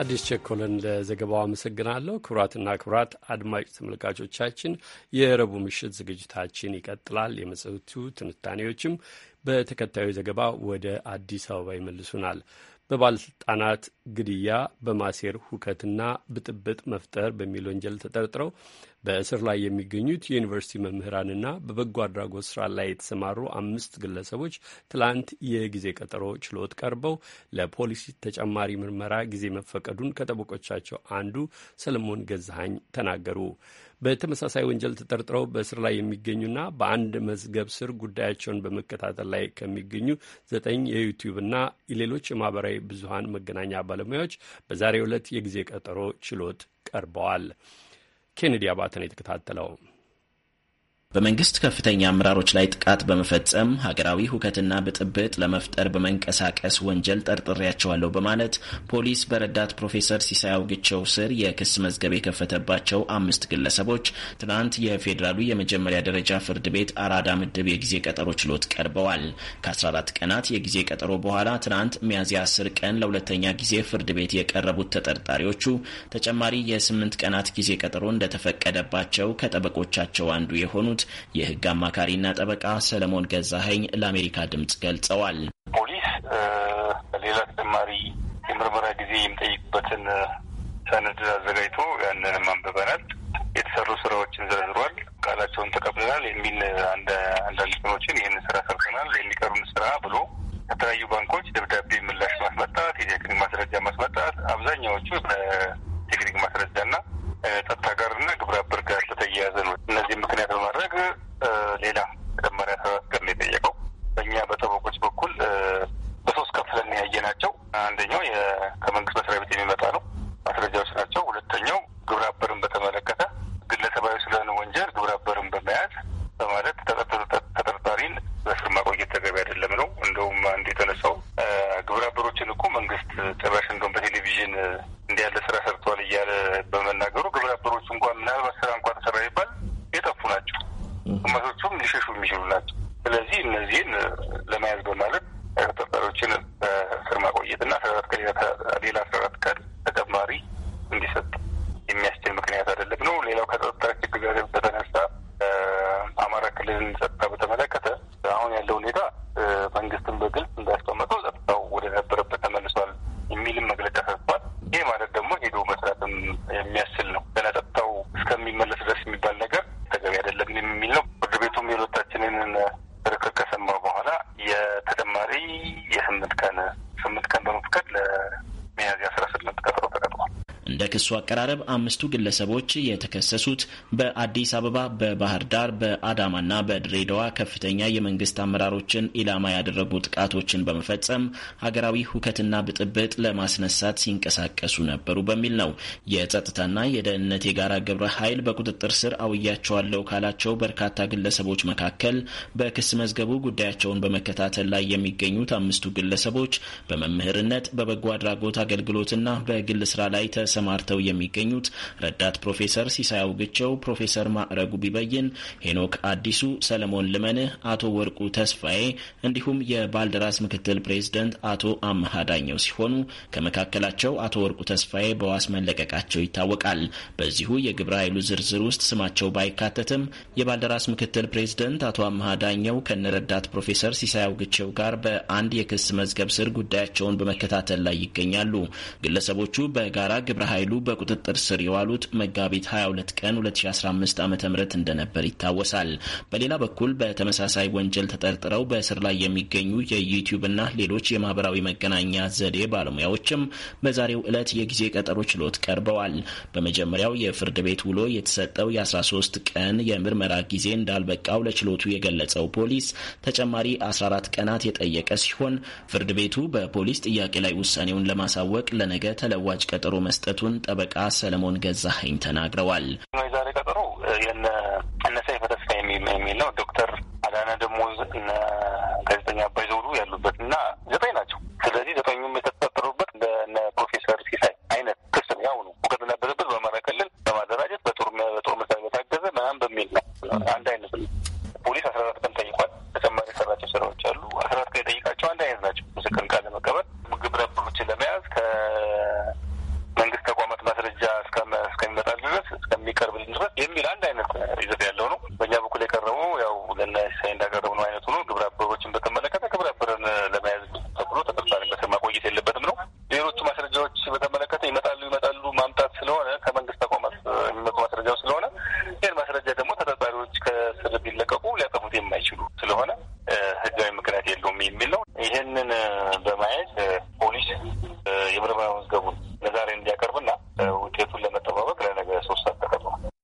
አዲስ ቸኮልን ለዘገባው አመሰግናለሁ። ክቡራትና ክቡራት አድማጭ ተመልካቾቻችን የረቡ ምሽት ዝግጅታችን ይቀጥላል። የመጽሔቱ ትንታኔዎችም በተከታዩ ዘገባ ወደ አዲስ አበባ ይመልሱናል። በባለስልጣናት ግድያ፣ በማሴር ሁከትና ብጥብጥ መፍጠር በሚል ወንጀል ተጠርጥረው በእስር ላይ የሚገኙት የዩኒቨርሲቲ መምህራንና በበጎ አድራጎት ስራ ላይ የተሰማሩ አምስት ግለሰቦች ትላንት የጊዜ ቀጠሮ ችሎት ቀርበው ለፖሊሲ ተጨማሪ ምርመራ ጊዜ መፈቀዱን ከጠበቆቻቸው አንዱ ሰለሞን ገዛሀኝ ተናገሩ። በተመሳሳይ ወንጀል ተጠርጥረው በእስር ላይ የሚገኙና በአንድ መዝገብ ስር ጉዳያቸውን በመከታተል ላይ ከሚገኙ ዘጠኝ የዩቲዩብና ሌሎች የማህበራዊ ብዙሀን መገናኛ ባለሙያዎች በዛሬው ዕለት የጊዜ ቀጠሮ ችሎት ቀርበዋል። ኬኔዲ አባተን የተከታተለው። በመንግስት ከፍተኛ አመራሮች ላይ ጥቃት በመፈጸም ሀገራዊ ሁከትና ብጥብጥ ለመፍጠር በመንቀሳቀስ ወንጀል ጠርጥሬያቸዋለሁ በማለት ፖሊስ በረዳት ፕሮፌሰር ሲሳይ አውግቸው ስር የክስ መዝገብ የከፈተባቸው አምስት ግለሰቦች ትናንት የፌዴራሉ የመጀመሪያ ደረጃ ፍርድ ቤት አራዳ ምድብ የጊዜ ቀጠሮ ችሎት ቀርበዋል። ከ14 ቀናት የጊዜ ቀጠሮ በኋላ ትናንት ሚያዝያ 10 ቀን ለሁለተኛ ጊዜ ፍርድ ቤት የቀረቡት ተጠርጣሪዎቹ ተጨማሪ የስምንት ቀናት ጊዜ ቀጠሮ እንደተፈቀደባቸው ከጠበቆቻቸው አንዱ የሆኑት የሆኑት የህግ አማካሪና ጠበቃ ሰለሞን ገዛኸኝ ለአሜሪካ ድምጽ ገልጸዋል። ፖሊስ ሌላ ተጨማሪ የምርመራ ጊዜ የሚጠይቅበትን ሰነድ አዘጋጅቶ ያንንም አንብበናል። የተሰሩ ስራዎችን ዘርዝሯል። ቃላቸውን ተቀብለናል የሚል አንዳንድ ስኖችን ይህን ስራ ሰርተናል፣ የሚቀሩን ስራ ብሎ ከተለያዩ ባንኮች ደብዳቤ ምላሽ ማስመጣት፣ የቴክኒክ ማስረጃ ማስመጣት አብዛኛዎቹ በቴክኒክ ማስረጃና ጸጥታ ጋርና አቀራረብ አምስቱ ግለሰቦች የተከሰሱት በአዲስ አበባ፣ በባህር ዳር፣ በአዳማና በድሬዳዋ ከፍተኛ የመንግስት አመራሮችን ኢላማ ያደረጉ ጥቃቶችን በመፈጸም ሀገራዊ ሁከትና ብጥብጥ ለማስነሳት ሲንቀሳቀስ የሚንቀሳቀሱ ነበሩ በሚል ነው። የጸጥታና የደህንነት የጋራ ግብረ ኃይል በቁጥጥር ስር አውያቸዋለሁ ካላቸው በርካታ ግለሰቦች መካከል በክስ መዝገቡ ጉዳያቸውን በመከታተል ላይ የሚገኙት አምስቱ ግለሰቦች በመምህርነት በበጎ አድራጎት አገልግሎትና በግል ስራ ላይ ተሰማርተው የሚገኙት ረዳት ፕሮፌሰር ሲሳይ አውግቸው፣ ፕሮፌሰር ማዕረጉ ቢበይን፣ ሄኖክ አዲሱ፣ ሰለሞን ልመንህ፣ አቶ ወርቁ ተስፋዬ እንዲሁም የባልደራስ ምክትል ፕሬዚደንት አቶ አመሃዳኘው ሲሆኑ ከመካከላቸው አቶ ወርቁ ተስፋዬ በዋስ መለቀቃቸው ይታወቃል። በዚሁ የግብረ ኃይሉ ዝርዝር ውስጥ ስማቸው ባይካተትም የባልደራስ ምክትል ፕሬዝደንት አቶ አመሃ ዳኘው ከነረዳት ፕሮፌሰር ሲሳይ አውግቸው ጋር በአንድ የክስ መዝገብ ስር ጉዳያቸውን በመከታተል ላይ ይገኛሉ። ግለሰቦቹ በጋራ ግብረ ኃይሉ በቁጥጥር ስር የዋሉት መጋቢት 22 ቀን 2015 ዓ ም እንደነበር ይታወሳል። በሌላ በኩል በተመሳሳይ ወንጀል ተጠርጥረው በእስር ላይ የሚገኙ የዩቲዩብ እና ሌሎች የማህበራዊ መገናኛ ዘዴ ባለሙያዎችም በዛሬው ዕለት ሁለት የጊዜ ቀጠሮ ችሎት ቀርበዋል። በመጀመሪያው የፍርድ ቤት ውሎ የተሰጠው የ13 ቀን የምርመራ ጊዜ እንዳልበቃው ለችሎቱ የገለጸው ፖሊስ ተጨማሪ 14 ቀናት የጠየቀ ሲሆን ፍርድ ቤቱ በፖሊስ ጥያቄ ላይ ውሳኔውን ለማሳወቅ ለነገ ተለዋጭ ቀጠሮ መስጠቱን ጠበቃ ሰለሞን ገዛኸኝ ተናግረዋል። የዛሬ ቀጠሮ የነ ሰይፈ ተስፋ ዶክተር አዳነ ደሞዝ እነ ጋዜጠኛ አባይ ዘውዱ ያሉበት እና ዘጠኝ ናቸው። ስለዚህ ዘጠኙም አንድ አይነት ነው።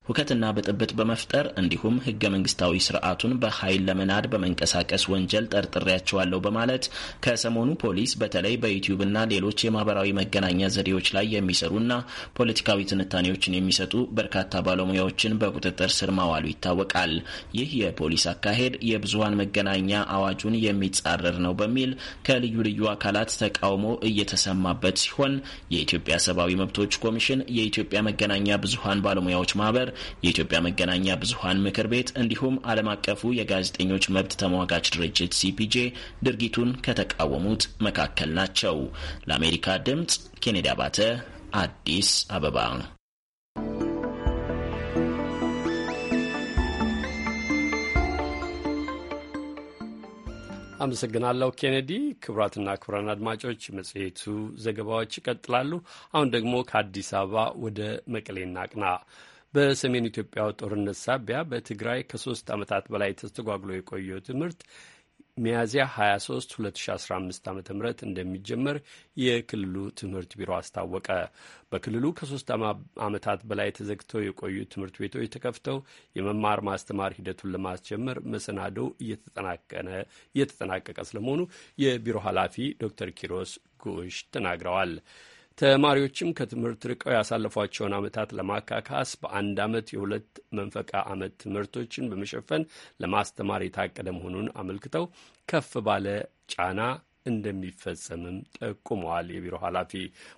ሁከትና ብጥብጥ በመፍጠር እንዲሁም ህገ መንግስታዊ ስርዓቱን በኃይል ለመናድ በመንቀሳቀስ ወንጀል ጠርጥሬያቸዋለሁ በማለት ከሰሞኑ ፖሊስ በተለይ በዩቲዩብና ሌሎች የማህበራዊ መገናኛ ዘዴዎች ላይ የሚሰሩና ፖለቲካዊ ትንታኔዎችን የሚሰጡ በርካታ ባለሙያዎችን በቁጥጥር ስር ማዋሉ ይታወቃል። ይህ የፖሊስ አካሄድ የብዙሀን መገናኛ አዋጁን የሚጻረር ነው በሚል ከልዩ ልዩ አካላት ተቃውሞ እየተሰማበት ሲሆን የኢትዮጵያ ሰብአዊ መብቶች ኮሚሽን፣ የኢትዮጵያ መገናኛ ብዙሀን ባለሙያዎች ማህበር የኢትዮጵያ መገናኛ ብዙሀን ምክር ቤት እንዲሁም ዓለም አቀፉ የጋዜጠኞች መብት ተሟጋች ድርጅት ሲፒጄ ድርጊቱን ከተቃወሙት መካከል ናቸው። ለአሜሪካ ድምጽ ኬኔዲ አባተ አዲስ አበባ። አመሰግናለሁ ኬኔዲ። ክቡራትና ክቡራን አድማጮች መጽሔቱ ዘገባዎች ይቀጥላሉ። አሁን ደግሞ ከአዲስ አበባ ወደ መቀሌ እናቅና። በሰሜን ኢትዮጵያው ጦርነት ሳቢያ በትግራይ ከሶስት ዓመታት በላይ ተስተጓጉሎ የቆየው ትምህርት ሚያዝያ 23 2015 ዓ ም እንደሚጀመር የክልሉ ትምህርት ቢሮ አስታወቀ። በክልሉ ከሶስት ዓመታት በላይ ተዘግተው የቆዩ ትምህርት ቤቶች ተከፍተው የመማር ማስተማር ሂደቱን ለማስጀመር መሰናዶው እየተጠናቀቀ ስለመሆኑ የቢሮ ኃላፊ ዶክተር ኪሮስ ጉሽ ተናግረዋል። ተማሪዎችም ከትምህርት ርቀው ያሳለፏቸውን ዓመታት ለማካካስ በአንድ ዓመት የሁለት መንፈቃ ዓመት ትምህርቶችን በመሸፈን ለማስተማር የታቀደ መሆኑን አመልክተው ከፍ ባለ ጫና እንደሚፈጸምም ጠቁመዋል። የቢሮ ኃላፊ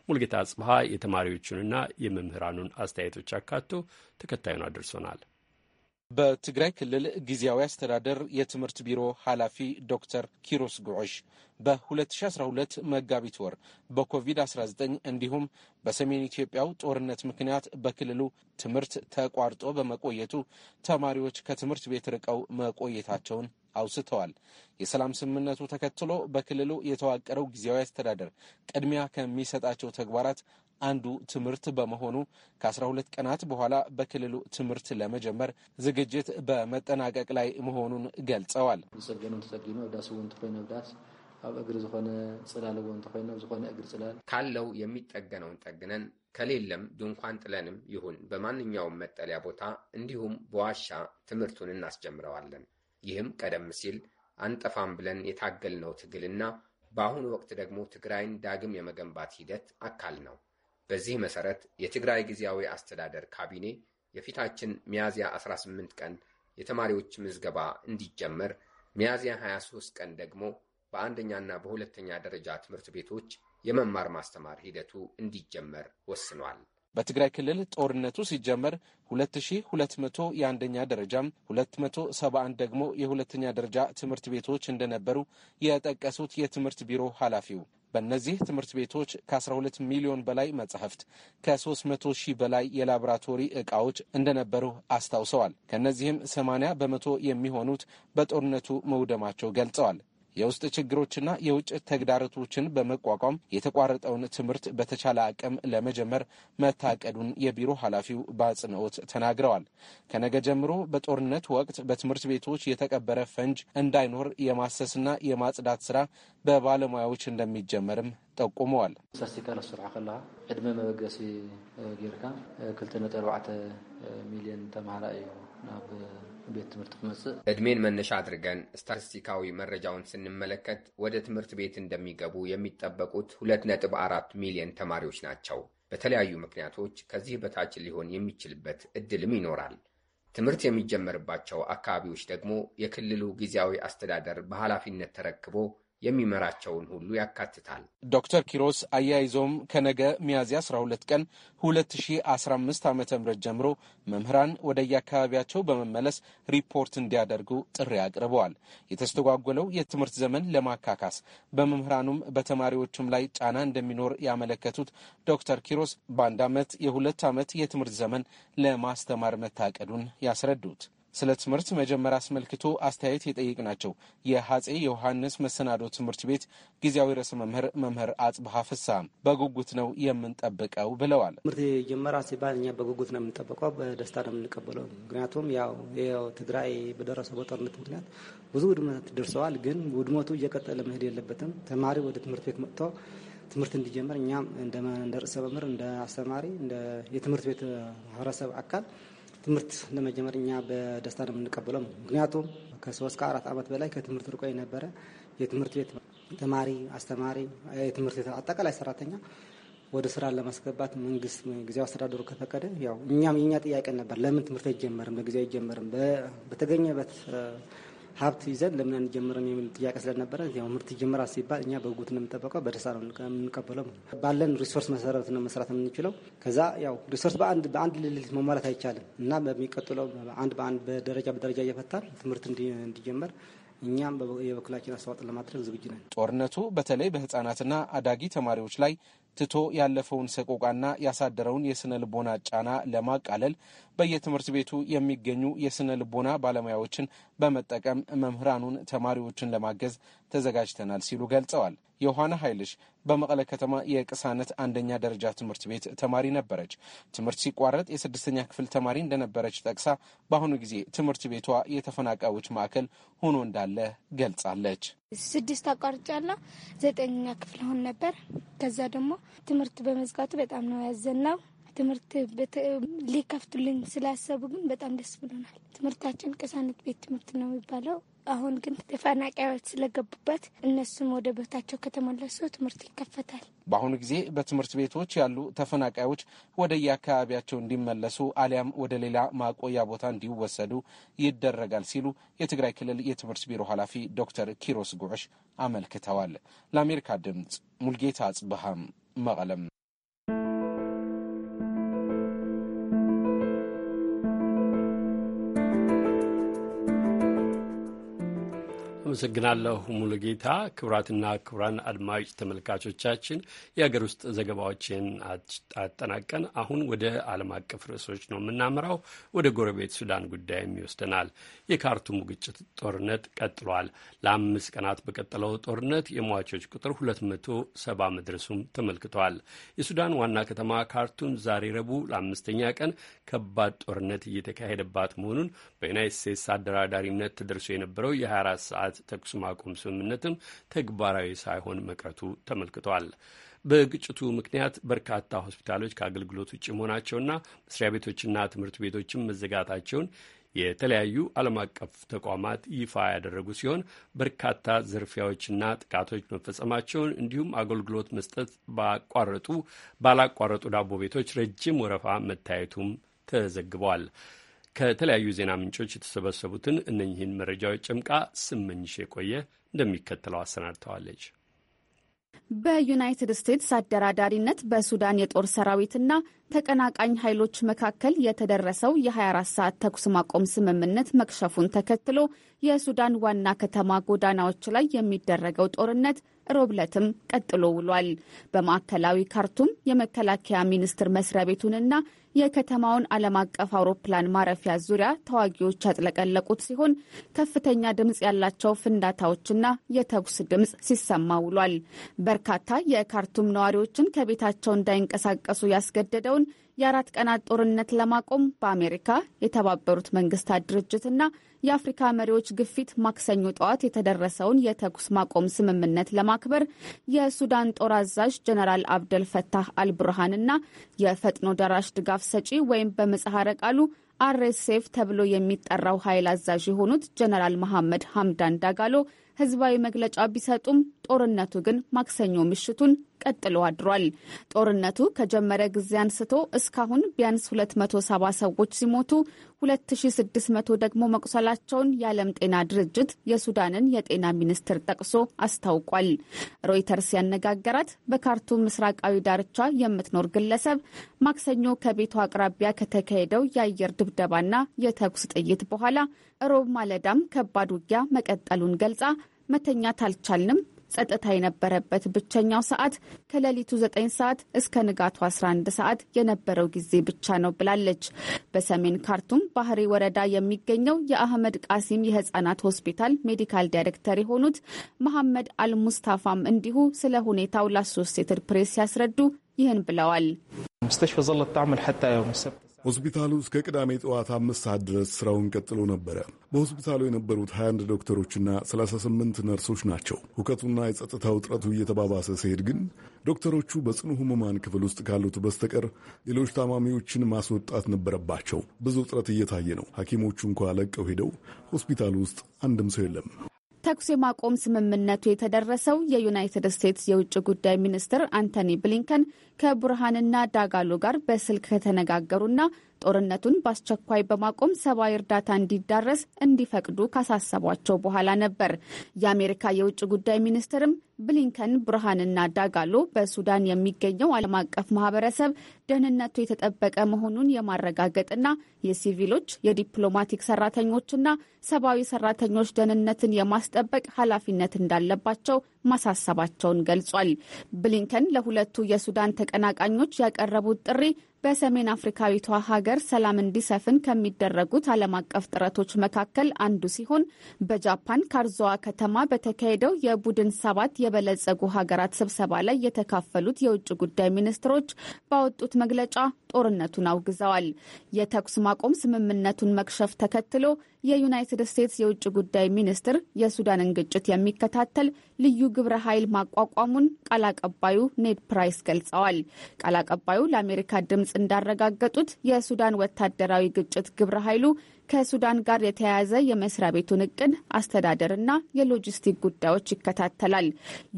ሙልጌታ ጽብሃ የተማሪዎቹንና የመምህራኑን አስተያየቶች አካቶ ተከታዩን አድርሶናል። በትግራይ ክልል ጊዜያዊ አስተዳደር የትምህርት ቢሮ ኃላፊ ዶክተር ኪሮስ ጉዑሽ በ2012 መጋቢት ወር በኮቪድ-19 እንዲሁም በሰሜን ኢትዮጵያው ጦርነት ምክንያት በክልሉ ትምህርት ተቋርጦ በመቆየቱ ተማሪዎች ከትምህርት ቤት ርቀው መቆየታቸውን አውስተዋል። የሰላም ስምምነቱ ተከትሎ በክልሉ የተዋቀረው ጊዜያዊ አስተዳደር ቅድሚያ ከሚሰጣቸው ተግባራት አንዱ ትምህርት በመሆኑ ከ12 ቀናት በኋላ በክልሉ ትምህርት ለመጀመር ዝግጅት በመጠናቀቅ ላይ መሆኑን ገልጸዋል። ተጸጊኖ ተጸጊኑ ዳስ እውን ዳስ ኣብ እግሪ ዝኾነ ፅላል እውን ተኮይነ ዝኾነ እግሪ ፅላል ካለው የሚጠገነውን ጠግነን ከሌለም ድንኳን ጥለንም ይሁን በማንኛውም መጠለያ ቦታ እንዲሁም በዋሻ ትምህርቱን እናስጀምረዋለን። ይህም ቀደም ሲል አንጠፋም ብለን የታገልነው ትግልና በአሁኑ ወቅት ደግሞ ትግራይን ዳግም የመገንባት ሂደት አካል ነው። በዚህ መሰረት የትግራይ ጊዜያዊ አስተዳደር ካቢኔ የፊታችን ሚያዝያ 18 ቀን የተማሪዎች ምዝገባ እንዲጀመር፣ ሚያዝያ 23 ቀን ደግሞ በአንደኛና በሁለተኛ ደረጃ ትምህርት ቤቶች የመማር ማስተማር ሂደቱ እንዲጀመር ወስኗል። በትግራይ ክልል ጦርነቱ ሲጀመር 2200 የአንደኛ ደረጃም 271 ደግሞ የሁለተኛ ደረጃ ትምህርት ቤቶች እንደነበሩ የጠቀሱት የትምህርት ቢሮ ኃላፊው በእነዚህ ትምህርት ቤቶች ከ12 ሚሊዮን በላይ መጽሕፍት ከ ከ300 ሺህ በላይ የላቦራቶሪ ዕቃዎች እንደነበሩ አስታውሰዋል። ከእነዚህም 80 በመቶ የሚሆኑት በጦርነቱ መውደማቸው ገልጸዋል። የውስጥ ችግሮችና የውጭ ተግዳሮቶችን በመቋቋም የተቋረጠውን ትምህርት በተቻለ አቅም ለመጀመር መታቀዱን የቢሮ ኃላፊው በአጽንኦት ተናግረዋል። ከነገ ጀምሮ በጦርነት ወቅት በትምህርት ቤቶች የተቀበረ ፈንጅ እንዳይኖር የማሰስና የማጽዳት ስራ በባለሙያዎች እንደሚጀመርም ጠቁመዋል። ስታስቲካ ለስርዓ ከለካ ዕድመ መበገሲ ጌርካ ክልተ ሚሊዮን ቤት እድሜን መነሻ አድርገን ስታቲስቲካዊ መረጃውን ስንመለከት ወደ ትምህርት ቤት እንደሚገቡ የሚጠበቁት 2.4 ሚሊዮን ተማሪዎች ናቸው። በተለያዩ ምክንያቶች ከዚህ በታች ሊሆን የሚችልበት እድልም ይኖራል። ትምህርት የሚጀመርባቸው አካባቢዎች ደግሞ የክልሉ ጊዜያዊ አስተዳደር በኃላፊነት ተረክቦ የሚመራቸውን ሁሉ ያካትታል። ዶክተር ኪሮስ አያይዘውም ከነገ ሚያዝያ 12 ቀን 2015 ዓ ም ጀምሮ መምህራን ወደየአካባቢያቸው በመመለስ ሪፖርት እንዲያደርጉ ጥሪ አቅርበዋል። የተስተጓጎለው የትምህርት ዘመን ለማካካስ በመምህራኑም በተማሪዎቹም ላይ ጫና እንደሚኖር ያመለከቱት ዶክተር ኪሮስ በአንድ ዓመት የሁለት ዓመት የትምህርት ዘመን ለማስተማር መታቀዱን ያስረዱት ስለ ትምህርት መጀመር አስመልክቶ አስተያየት የጠየቅናቸው የአፄ ዮሐንስ መሰናዶ ትምህርት ቤት ጊዜያዊ ርዕሰ መምህር መምህር አጽብሃ ፍሳ በጉጉት ነው የምንጠብቀው ብለዋል። ትምህርት ጀመራ ሲባል እኛ በጉጉት ነው የምንጠብቀው፣ በደስታ ነው የምንቀበለው። ምክንያቱም ያው ትግራይ በደረሰው በጦርነት ምክንያት ብዙ ውድመት ደርሰዋል። ግን ውድመቱ እየቀጠለ መሄድ የለበትም። ተማሪ ወደ ትምህርት ቤት መጥቶ ትምህርት እንዲጀምር እኛም እንደ ርዕሰ መምህር፣ እንደ አስተማሪ፣ እንደ የትምህርት ቤት ማህበረሰብ አካል ትምህርት ለመጀመር እኛ በደስታ ነው የምንቀበለው። ምክንያቱም ከሶስት ከአራት ዓመት በላይ ከትምህርት ርቆ የነበረ የትምህርት ቤት ተማሪ፣ አስተማሪ፣ የትምህርት ቤት አጠቃላይ ሰራተኛ ወደ ስራ ለማስገባት መንግስት ጊዜ አስተዳደሩ ከፈቀደ ያው እኛም የኛ ጥያቄ ነበር። ለምን ትምህርት አይጀመርም? ለጊዜ አይጀመርም? በተገኘበት ሀብት ይዘን ለምን አንጀምርም የሚል ጥያቄ ስለነበረ ምርት ይጀምራል ሲባል እኛ በጉጉት ነው የምንጠበቀው፣ በደስታ ነው የምንቀበለው። ባለን ሪሶርስ መሰረት ነው መስራት የምንችለው። ከዛ ያው ሪሶርስ በአንድ በአንድ ሌሊት መሟላት አይቻልም እና በሚቀጥለው አንድ በአንድ በደረጃ በደረጃ እየፈታን ትምህርት እንዲጀመር እኛም የበኩላችን አስተዋጽኦ ለማድረግ ዝግጁ ነን። ጦርነቱ በተለይ በህጻናትና አዳጊ ተማሪዎች ላይ ትቶ ያለፈውን ሰቆቃና ያሳደረውን የስነ ልቦና ጫና ለማቃለል በየትምህርት ቤቱ የሚገኙ የስነ ልቦና ባለሙያዎችን በመጠቀም መምህራኑን ተማሪዎችን ለማገዝ ተዘጋጅተናል ሲሉ ገልጸዋል። ዮሐና ኃይልሽ በመቀለ ከተማ የቅሳነት አንደኛ ደረጃ ትምህርት ቤት ተማሪ ነበረች። ትምህርት ሲቋረጥ የስድስተኛ ክፍል ተማሪ እንደነበረች ጠቅሳ በአሁኑ ጊዜ ትምህርት ቤቷ የተፈናቃዮች ማዕከል ሆኖ እንዳለ ገልጻለች። ስድስት አቋርጫና ዘጠኛ ክፍል ሆን ነበር። ከዛ ደግሞ ትምህርት በመዝጋቱ በጣም ነው ያዘናው። ትምህርት ሊከፍቱልን ስላሰቡ ግን በጣም ደስ ብሎናል። ትምህርታችን ቅሳነት ቤት ትምህርት ነው የሚባለው። አሁን ግን ተፈናቃዮች ስለገቡበት እነሱም ወደ ቦታቸው ከተመለሱ ትምህርት ይከፈታል። በአሁኑ ጊዜ በትምህርት ቤቶች ያሉ ተፈናቃዮች ወደ የአካባቢያቸው እንዲመለሱ አሊያም ወደ ሌላ ማቆያ ቦታ እንዲወሰዱ ይደረጋል ሲሉ የትግራይ ክልል የትምህርት ቢሮ ኃላፊ ዶክተር ኪሮስ ጉዕሽ አመልክተዋል። ለአሜሪካ ድምፅ ሙልጌታ አጽብሃም መቀለም አመሰግናለሁ ሙሉጌታ። ክቡራትና ክቡራን አድማጭ ተመልካቾቻችን የሀገር ውስጥ ዘገባዎችን አጠናቀን አሁን ወደ ዓለም አቀፍ ርዕሶች ነው የምናመራው። ወደ ጎረቤት ሱዳን ጉዳይም ይወስደናል። የካርቱሙ ግጭት ጦርነት ቀጥሏል። ለአምስት ቀናት በቀጠለው ጦርነት የሟቾች ቁጥር ሁለት መቶ ሰባ መድረሱም ተመልክቷል። የሱዳን ዋና ከተማ ካርቱም ዛሬ ረቡዕ ለአምስተኛ ቀን ከባድ ጦርነት እየተካሄደባት መሆኑን በዩናይት ስቴትስ አደራዳሪነት ተደርሶ የነበረው የ24 ሰዓት ተኩስ ማቆም ስምምነትም ተግባራዊ ሳይሆን መቅረቱ ተመልክቷል። በግጭቱ ምክንያት በርካታ ሆስፒታሎች ከአገልግሎት ውጭ መሆናቸውና መስሪያ ቤቶችና ትምህርት ቤቶችም መዘጋታቸውን የተለያዩ ዓለም አቀፍ ተቋማት ይፋ ያደረጉ ሲሆን በርካታ ዝርፊያዎችና ጥቃቶች መፈጸማቸውን እንዲሁም አገልግሎት መስጠት ባቋረጡ ባላቋረጡ ዳቦ ቤቶች ረጅም ወረፋ መታየቱም ተዘግቧል። ከተለያዩ ዜና ምንጮች የተሰበሰቡትን እነኚህን መረጃዎች ጨምቃ ስመኝሽ የቆየ እንደሚከተለው አሰናድተዋለች። በዩናይትድ ስቴትስ አደራዳሪነት በሱዳን የጦር ሰራዊትና ተቀናቃኝ ኃይሎች መካከል የተደረሰው የ24 ሰዓት ተኩስ ማቆም ስምምነት መክሸፉን ተከትሎ የሱዳን ዋና ከተማ ጎዳናዎች ላይ የሚደረገው ጦርነት ሮብለትም ቀጥሎ ውሏል። በማዕከላዊ ካርቱም የመከላከያ ሚኒስቴር መስሪያ ቤቱንና የከተማውን ዓለም አቀፍ አውሮፕላን ማረፊያ ዙሪያ ተዋጊዎች ያጥለቀለቁት ሲሆን ከፍተኛ ድምፅ ያላቸው ፍንዳታዎችና የተኩስ ድምፅ ሲሰማ ውሏል። በርካታ የካርቱም ነዋሪዎችን ከቤታቸው እንዳይንቀሳቀሱ ያስገደደውን የአራት ቀናት ጦርነት ለማቆም በአሜሪካ የተባበሩት መንግስታት ድርጅትና የአፍሪካ መሪዎች ግፊት ማክሰኞ ጠዋት የተደረሰውን የተኩስ ማቆም ስምምነት ለማክበር የሱዳን ጦር አዛዥ ጀነራል አብደል ፈታህ አልብርሃን የፈጥኖ ደራሽ ድጋፍ ሰጪ ወይም በምህጻረ ቃሉ አርኤስኤፍ ተብሎ የሚጠራው ኃይል አዛዥ የሆኑት ጀነራል መሐመድ ሀምዳን ዳጋሎ ህዝባዊ መግለጫ ቢሰጡም ጦርነቱ ግን ማክሰኞ ምሽቱን ቀጥሎ አድሯል። ጦርነቱ ከጀመረ ጊዜ አንስቶ እስካሁን ቢያንስ 270 ሰዎች ሲሞቱ 2600 ደግሞ መቁሰላቸውን የዓለም ጤና ድርጅት የሱዳንን የጤና ሚኒስትር ጠቅሶ አስታውቋል። ሮይተርስ ያነጋገራት በካርቱም ምስራቃዊ ዳርቻ የምትኖር ግለሰብ ማክሰኞ ከቤቷ አቅራቢያ ከተካሄደው የአየር ድብደባና የተኩስ ጥይት በኋላ ሮብ ማለዳም ከባድ ውጊያ መቀጠሉን ገልጻ መተኛት አልቻልንም። ጸጥታ የነበረበት ብቸኛው ሰዓት ከሌሊቱ 9 ሰዓት እስከ ንጋቱ 11 ሰዓት የነበረው ጊዜ ብቻ ነው ብላለች። በሰሜን ካርቱም ባህሪ ወረዳ የሚገኘው የአህመድ ቃሲም የህጻናት ሆስፒታል ሜዲካል ዳይሬክተር የሆኑት መሐመድ አልሙስታፋም እንዲሁ ስለ ሁኔታው ለአሶሴትድ ፕሬስ ሲያስረዱ ይህን ብለዋል። ሆስፒታሉ እስከ ቅዳሜ ጠዋት አምስት ሰዓት ድረስ ስራውን ቀጥሎ ነበረ። በሆስፒታሉ የነበሩት 21 ዶክተሮችና 38 ነርሶች ናቸው። ሁከቱና የጸጥታ ውጥረቱ እየተባባሰ ሲሄድ ግን ዶክተሮቹ በጽኑ ህሙማን ክፍል ውስጥ ካሉት በስተቀር ሌሎች ታማሚዎችን ማስወጣት ነበረባቸው። ብዙ ውጥረት እየታየ ነው። ሐኪሞቹ እንኳ ለቀው ሄደው ሆስፒታሉ ውስጥ አንድም ሰው የለም። ተኩስ የማቆም ስምምነቱ የተደረሰው የዩናይትድ ስቴትስ የውጭ ጉዳይ ሚኒስትር አንቶኒ ብሊንከን ከቡርሃንና ዳጋሎ ጋር በስልክ ከተነጋገሩና ጦርነቱን በአስቸኳይ በማቆም ሰብአዊ እርዳታ እንዲዳረስ እንዲፈቅዱ ካሳሰቧቸው በኋላ ነበር። የአሜሪካ የውጭ ጉዳይ ሚኒስትርም ብሊንከን ብርሃንና ዳጋሎ በሱዳን የሚገኘው ዓለም አቀፍ ማህበረሰብ ደህንነቱ የተጠበቀ መሆኑን የማረጋገጥና የሲቪሎች የዲፕሎማቲክ ሰራተኞችና ሰብአዊ ሰራተኞች ደህንነትን የማስጠበቅ ኃላፊነት እንዳለባቸው ማሳሰባቸውን ገልጿል። ብሊንከን ለሁለቱ የሱዳን ተቀናቃኞች ያቀረቡት ጥሪ በሰሜን አፍሪካዊቷ ሀገር ሰላም እንዲሰፍን ከሚደረጉት ዓለም አቀፍ ጥረቶች መካከል አንዱ ሲሆን በጃፓን ካርዛዋ ከተማ በተካሄደው የቡድን ሰባት የበለጸጉ ሀገራት ስብሰባ ላይ የተካፈሉት የውጭ ጉዳይ ሚኒስትሮች ባወጡት መግለጫ ጦርነቱን አውግዘዋል። የተኩስ ማቆም ስምምነቱን መክሸፍ ተከትሎ የዩናይትድ ስቴትስ የውጭ ጉዳይ ሚኒስትር የሱዳንን ግጭት የሚከታተል ልዩ ግብረ ኃይል ማቋቋሙን ቃል አቀባዩ ኔድ ፕራይስ ገልጸዋል። ቃል አቀባዩ ለአሜሪካ ድምጽ ድምፅ እንዳረጋገጡት የሱዳን ወታደራዊ ግጭት ግብረ ኃይሉ ከሱዳን ጋር የተያያዘ የመስሪያ ቤቱን እቅድ አስተዳደርና የሎጂስቲክ ጉዳዮች ይከታተላል።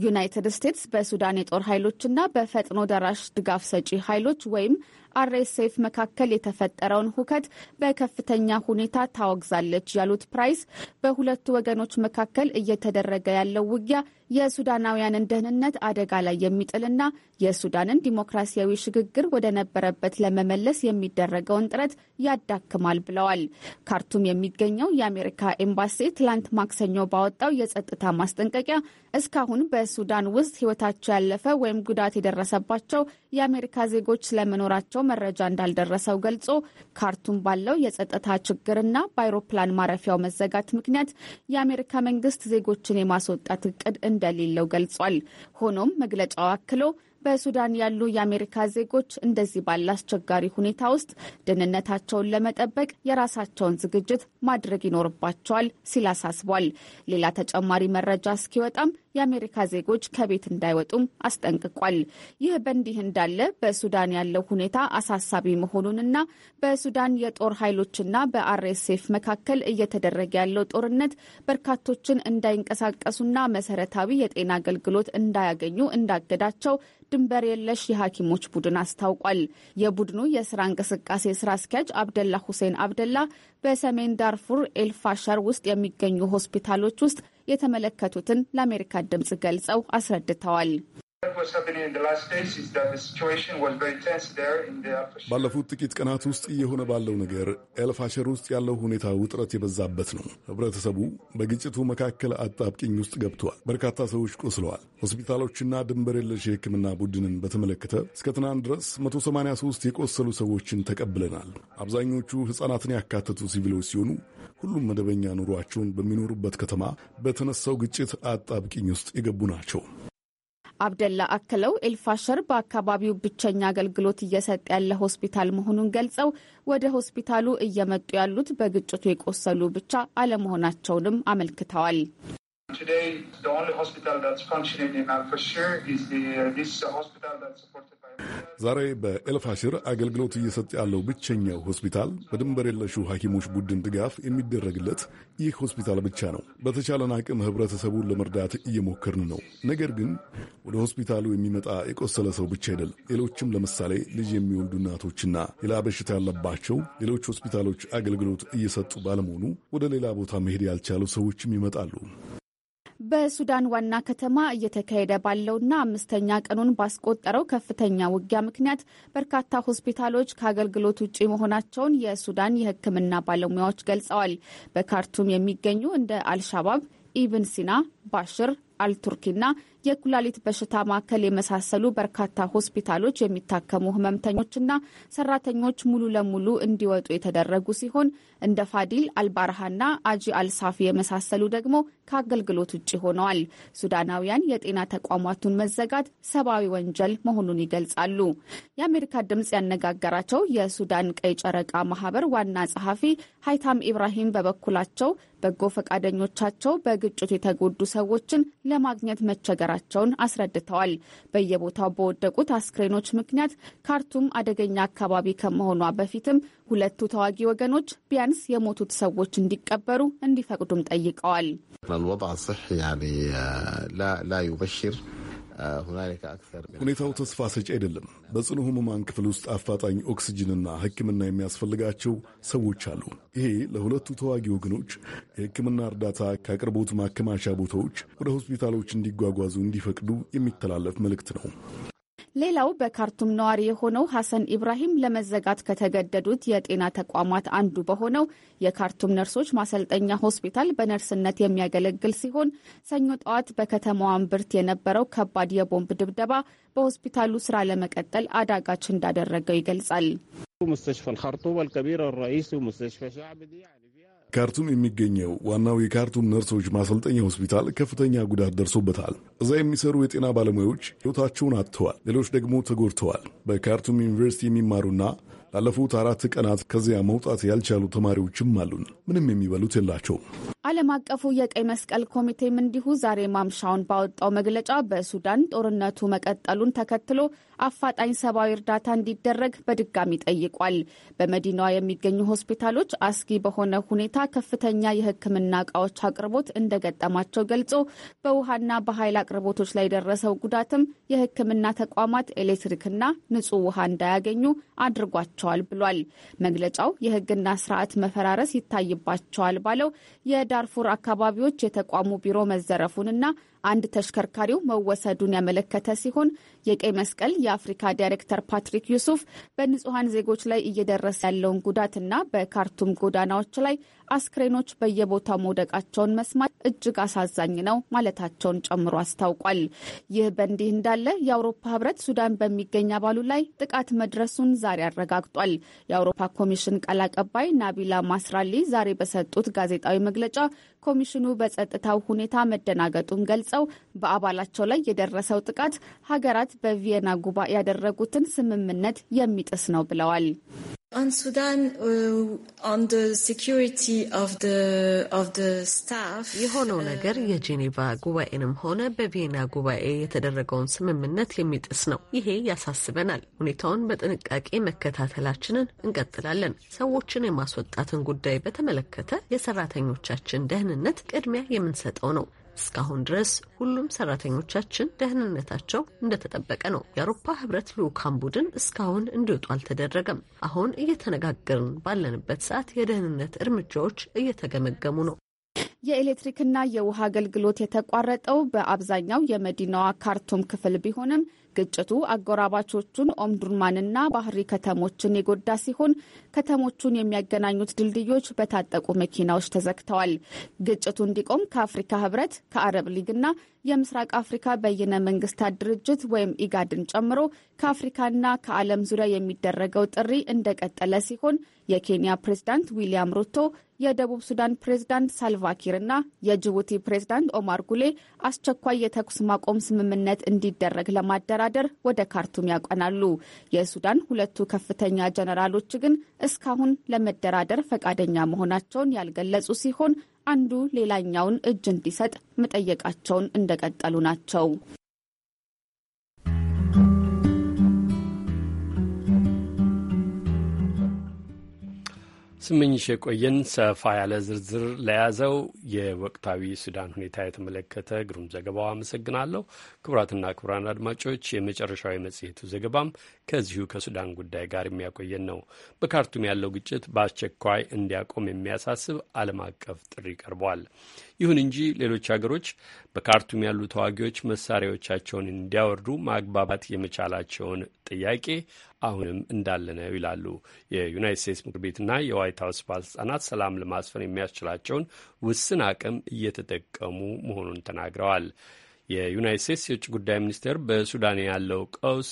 ዩናይትድ ስቴትስ በሱዳን የጦር ኃይሎችና በፈጥኖ ደራሽ ድጋፍ ሰጪ ኃይሎች ወይም አርኤስኤፍ መካከል የተፈጠረውን ሁከት በከፍተኛ ሁኔታ ታወግዛለች ያሉት ፕራይስ በሁለቱ ወገኖች መካከል እየተደረገ ያለው ውጊያ የሱዳናውያንን ደህንነት አደጋ ላይ የሚጥልና የሱዳንን ዲሞክራሲያዊ ሽግግር ወደ ነበረበት ለመመለስ የሚደረገውን ጥረት ያዳክማል ብለዋል። ካርቱም የሚገኘው የአሜሪካ ኤምባሲ ትላንት ማክሰኞ ባወጣው የጸጥታ ማስጠንቀቂያ እስካሁን በሱዳን ውስጥ ሕይወታቸው ያለፈ ወይም ጉዳት የደረሰባቸው የአሜሪካ ዜጎች ስለመኖራቸው መረጃ እንዳልደረሰው ገልጾ ካርቱም ባለው የጸጥታ ችግርና በአይሮፕላን ማረፊያው መዘጋት ምክንያት የአሜሪካ መንግስት ዜጎችን የማስወጣት እቅድ እንደሌለው ገልጿል። ሆኖም መግለጫው አክሎ በሱዳን ያሉ የአሜሪካ ዜጎች እንደዚህ ባለ አስቸጋሪ ሁኔታ ውስጥ ደህንነታቸውን ለመጠበቅ የራሳቸውን ዝግጅት ማድረግ ይኖርባቸዋል ሲል አሳስቧል። ሌላ ተጨማሪ መረጃ እስኪወጣም የአሜሪካ ዜጎች ከቤት እንዳይወጡም አስጠንቅቋል። ይህ በእንዲህ እንዳለ በሱዳን ያለው ሁኔታ አሳሳቢ መሆኑንና በሱዳን የጦር ኃይሎችና በአርኤስኤፍ መካከል እየተደረገ ያለው ጦርነት በርካቶችን እንዳይንቀሳቀሱና መሰረታዊ የጤና አገልግሎት እንዳያገኙ እንዳገዳቸው ድንበር የለሽ የሐኪሞች ቡድን አስታውቋል። የቡድኑ የስራ እንቅስቃሴ ስራ አስኪያጅ አብደላ ሁሴን አብደላ በሰሜን ዳርፉር ኤልፋሸር ውስጥ የሚገኙ ሆስፒታሎች ውስጥ የተመለከቱትን ለአሜሪካ ድምጽ ገልጸው አስረድተዋል። ባለፉት ጥቂት ቀናት ውስጥ እየሆነ ባለው ነገር ኤልፋሸር ውስጥ ያለው ሁኔታ ውጥረት የበዛበት ነው። ህብረተሰቡ በግጭቱ መካከል አጣብቂኝ ውስጥ ገብተዋል። በርካታ ሰዎች ቆስለዋል። ሆስፒታሎችና ድንበር የለሽ የሕክምና ቡድንን በተመለከተ እስከ ትናንት ድረስ 183 የቆሰሉ ሰዎችን ተቀብለናል። አብዛኞቹ ሕፃናትን ያካተቱ ሲቪሎች ሲሆኑ ሁሉም መደበኛ ኑሯቸውን በሚኖሩበት ከተማ በተነሳው ግጭት አጣብቂኝ ውስጥ የገቡ ናቸው። አብደላ አክለው ኤልፋሸር በአካባቢው ብቸኛ አገልግሎት እየሰጠ ያለ ሆስፒታል መሆኑን ገልጸው ወደ ሆስፒታሉ እየመጡ ያሉት በግጭቱ የቆሰሉ ብቻ አለመሆናቸውንም አመልክተዋል። Uh, uh, ዛሬ በኤልፋሽር አገልግሎት እየሰጠ ያለው ብቸኛው ሆስፒታል በድንበር የለሹ ሐኪሞች ቡድን ድጋፍ የሚደረግለት ይህ ሆስፒታል ብቻ ነው። በተቻለን አቅም ህብረተሰቡን ለመርዳት እየሞከርን ነው። ነገር ግን ወደ ሆስፒታሉ የሚመጣ የቆሰለ ሰው ብቻ አይደለም። ሌሎችም ለምሳሌ ልጅ የሚወልዱ እናቶችና ሌላ በሽታ ያለባቸው ሌሎች ሆስፒታሎች አገልግሎት እየሰጡ ባለመሆኑ ወደ ሌላ ቦታ መሄድ ያልቻሉ ሰዎችም ይመጣሉ። በሱዳን ዋና ከተማ እየተካሄደ ባለውና አምስተኛ ቀኑን ባስቆጠረው ከፍተኛ ውጊያ ምክንያት በርካታ ሆስፒታሎች ከአገልግሎት ውጪ መሆናቸውን የሱዳን የሕክምና ባለሙያዎች ገልጸዋል። በካርቱም የሚገኙ እንደ አልሻባብ፣ ኢብን ሲና፣ ባሽር፣ አልቱርኪና የኩላሊት በሽታ ማዕከል የመሳሰሉ በርካታ ሆስፒታሎች የሚታከሙ ህመምተኞችና ሰራተኞች ሙሉ ለሙሉ እንዲወጡ የተደረጉ ሲሆን እንደ ፋዲል አልባርሃና አጂ አልሳፊ የመሳሰሉ ደግሞ ከአገልግሎት ውጭ ሆነዋል። ሱዳናውያን የጤና ተቋማቱን መዘጋት ሰብአዊ ወንጀል መሆኑን ይገልጻሉ። የአሜሪካ ድምጽ ያነጋገራቸው የሱዳን ቀይ ጨረቃ ማህበር ዋና ጸሐፊ ሀይታም ኢብራሂም በበኩላቸው በጎ ፈቃደኞቻቸው በግጭት የተጎዱ ሰዎችን ለማግኘት መቸገራል መጀመራቸውን አስረድተዋል። በየቦታው በወደቁት አስክሬኖች ምክንያት ካርቱም አደገኛ አካባቢ ከመሆኗ በፊትም ሁለቱ ተዋጊ ወገኖች ቢያንስ የሞቱት ሰዎች እንዲቀበሩ እንዲፈቅዱም ጠይቀዋል። ሁኔታው ተስፋ ሰጪ አይደለም። በጽኑ ህሙማን ክፍል ውስጥ አፋጣኝ ኦክስጅንና ሕክምና የሚያስፈልጋቸው ሰዎች አሉ። ይሄ ለሁለቱ ተዋጊ ወገኖች የሕክምና እርዳታ ከአቅርቦት ማከማቻ ቦታዎች ወደ ሆስፒታሎች እንዲጓጓዙ እንዲፈቅዱ የሚተላለፍ መልእክት ነው። ሌላው በካርቱም ነዋሪ የሆነው ሐሰን ኢብራሂም ለመዘጋት ከተገደዱት የጤና ተቋማት አንዱ በሆነው የካርቱም ነርሶች ማሰልጠኛ ሆስፒታል በነርስነት የሚያገለግል ሲሆን ሰኞ ጠዋት በከተማዋ እምብርት የነበረው ከባድ የቦምብ ድብደባ በሆስፒታሉ ስራ ለመቀጠል አዳጋች እንዳደረገው ይገልጻል። ካርቱም የሚገኘው ዋናው የካርቱም ነርሶች ማሰልጠኛ ሆስፒታል ከፍተኛ ጉዳት ደርሶበታል። እዛ የሚሰሩ የጤና ባለሙያዎች ሕይወታቸውን አጥተዋል፣ ሌሎች ደግሞ ተጎድተዋል። በካርቱም ዩኒቨርሲቲ የሚማሩና ላለፉት አራት ቀናት ከዚያ መውጣት ያልቻሉ ተማሪዎችም አሉን። ምንም የሚበሉት የላቸውም። ዓለም አቀፉ የቀይ መስቀል ኮሚቴም እንዲሁ ዛሬ ማምሻውን ባወጣው መግለጫ በሱዳን ጦርነቱ መቀጠሉን ተከትሎ አፋጣኝ ሰብአዊ እርዳታ እንዲደረግ በድጋሚ ጠይቋል። በመዲናዋ የሚገኙ ሆስፒታሎች አስጊ በሆነ ሁኔታ ከፍተኛ የሕክምና እቃዎች አቅርቦት እንደገጠማቸው ገልጾ በውሃና በኃይል አቅርቦቶች ላይ የደረሰው ጉዳትም የሕክምና ተቋማት ኤሌክትሪክና ንጹህ ውሃ እንዳያገኙ አድርጓቸዋል ብሏል። መግለጫው የሕግና ስርዓት መፈራረስ ይታይባቸዋል ባለው ዳርፉር አካባቢዎች የተቋሙ ቢሮ መዘረፉንና አንድ ተሽከርካሪው መወሰዱን ያመለከተ ሲሆን የቀይ መስቀል የአፍሪካ ዳይሬክተር ፓትሪክ ዩሱፍ በንጹሐን ዜጎች ላይ እየደረሰ ያለውን ጉዳትና በካርቱም ጎዳናዎች ላይ አስክሬኖች በየቦታው መውደቃቸውን መስማት እጅግ አሳዛኝ ነው ማለታቸውን ጨምሮ አስታውቋል። ይህ በእንዲህ እንዳለ የአውሮፓ ህብረት ሱዳን በሚገኝ አባሉ ላይ ጥቃት መድረሱን ዛሬ አረጋግጧል። የአውሮፓ ኮሚሽን ቃል አቀባይ ናቢላ ማስራሊ ዛሬ በሰጡት ጋዜጣዊ መግለጫ ኮሚሽኑ በጸጥታው ሁኔታ መደናገጡን ገልጸው ገልጸው በአባላቸው ላይ የደረሰው ጥቃት ሀገራት በቪየና ጉባኤ ያደረጉትን ስምምነት የሚጥስ ነው ብለዋል። uh, የሆነው uh, ነገር የጄኔቫ ጉባኤንም ሆነ በቪየና ጉባኤ የተደረገውን ስምምነት የሚጥስ ነው። ይሄ ያሳስበናል። ሁኔታውን በጥንቃቄ መከታተላችንን እንቀጥላለን። ሰዎችን የማስወጣትን ጉዳይ በተመለከተ የሰራተኞቻችን ደህንነት ቅድሚያ የምንሰጠው ነው። እስካሁን ድረስ ሁሉም ሰራተኞቻችን ደህንነታቸው እንደተጠበቀ ነው። የአውሮፓ ህብረት ልዑካን ቡድን እስካሁን እንዲወጡ አልተደረገም። አሁን እየተነጋገርን ባለንበት ሰዓት የደህንነት እርምጃዎች እየተገመገሙ ነው። የኤሌክትሪክና የውሃ አገልግሎት የተቋረጠው በአብዛኛው የመዲናዋ ካርቱም ክፍል ቢሆንም ግጭቱ አጎራባቾቹን ኦምዱርማንና ባህሪ ከተሞችን የጎዳ ሲሆን ከተሞቹን የሚያገናኙት ድልድዮች በታጠቁ መኪናዎች ተዘግተዋል። ግጭቱ እንዲቆም ከአፍሪካ ህብረት፣ ከአረብ ሊግና የምስራቅ አፍሪካ በይነ መንግስታት ድርጅት ወይም ኢጋድን ጨምሮ ከአፍሪካና ከዓለም ዙሪያ የሚደረገው ጥሪ እንደቀጠለ ሲሆን የኬንያ ፕሬዝዳንት ዊሊያም ሩቶ፣ የደቡብ ሱዳን ፕሬዝዳንት ሳልቫኪር እና የጅቡቲ ፕሬዝዳንት ኦማር ጉሌ አስቸኳይ የተኩስ ማቆም ስምምነት እንዲደረግ ለማደራደር ወደ ካርቱም ያቀናሉ። የሱዳን ሁለቱ ከፍተኛ ጀነራሎች ግን እስካሁን ለመደራደር ፈቃደኛ መሆናቸውን ያልገለጹ ሲሆን አንዱ ሌላኛውን እጅ እንዲሰጥ መጠየቃቸውን እንደቀጠሉ ናቸው። ስመኝሽ የቆየን ሰፋ ያለ ዝርዝር ለያዘው የወቅታዊ ሱዳን ሁኔታ የተመለከተ ግሩም ዘገባው አመሰግናለሁ። ክቡራትና ክቡራን አድማጮች የመጨረሻዊ መጽሔቱ ዘገባም ከዚሁ ከሱዳን ጉዳይ ጋር የሚያቆየን ነው። በካርቱም ያለው ግጭት በአስቸኳይ እንዲያቆም የሚያሳስብ ዓለም አቀፍ ጥሪ ቀርቧል። ይሁን እንጂ ሌሎች ሀገሮች በካርቱም ያሉ ተዋጊዎች መሳሪያዎቻቸውን እንዲያወርዱ ማግባባት የመቻላቸውን ጥያቄ አሁንም እንዳለ ነው ይላሉ። የዩናይት ስቴትስ ምክር ቤትና የዋይት ሀውስ ባለስልጣናት ሰላም ለማስፈን የሚያስችላቸውን ውስን አቅም እየተጠቀሙ መሆኑን ተናግረዋል። የዩናይት ስቴትስ የውጭ ጉዳይ ሚኒስቴር በሱዳን ያለው ቀውስ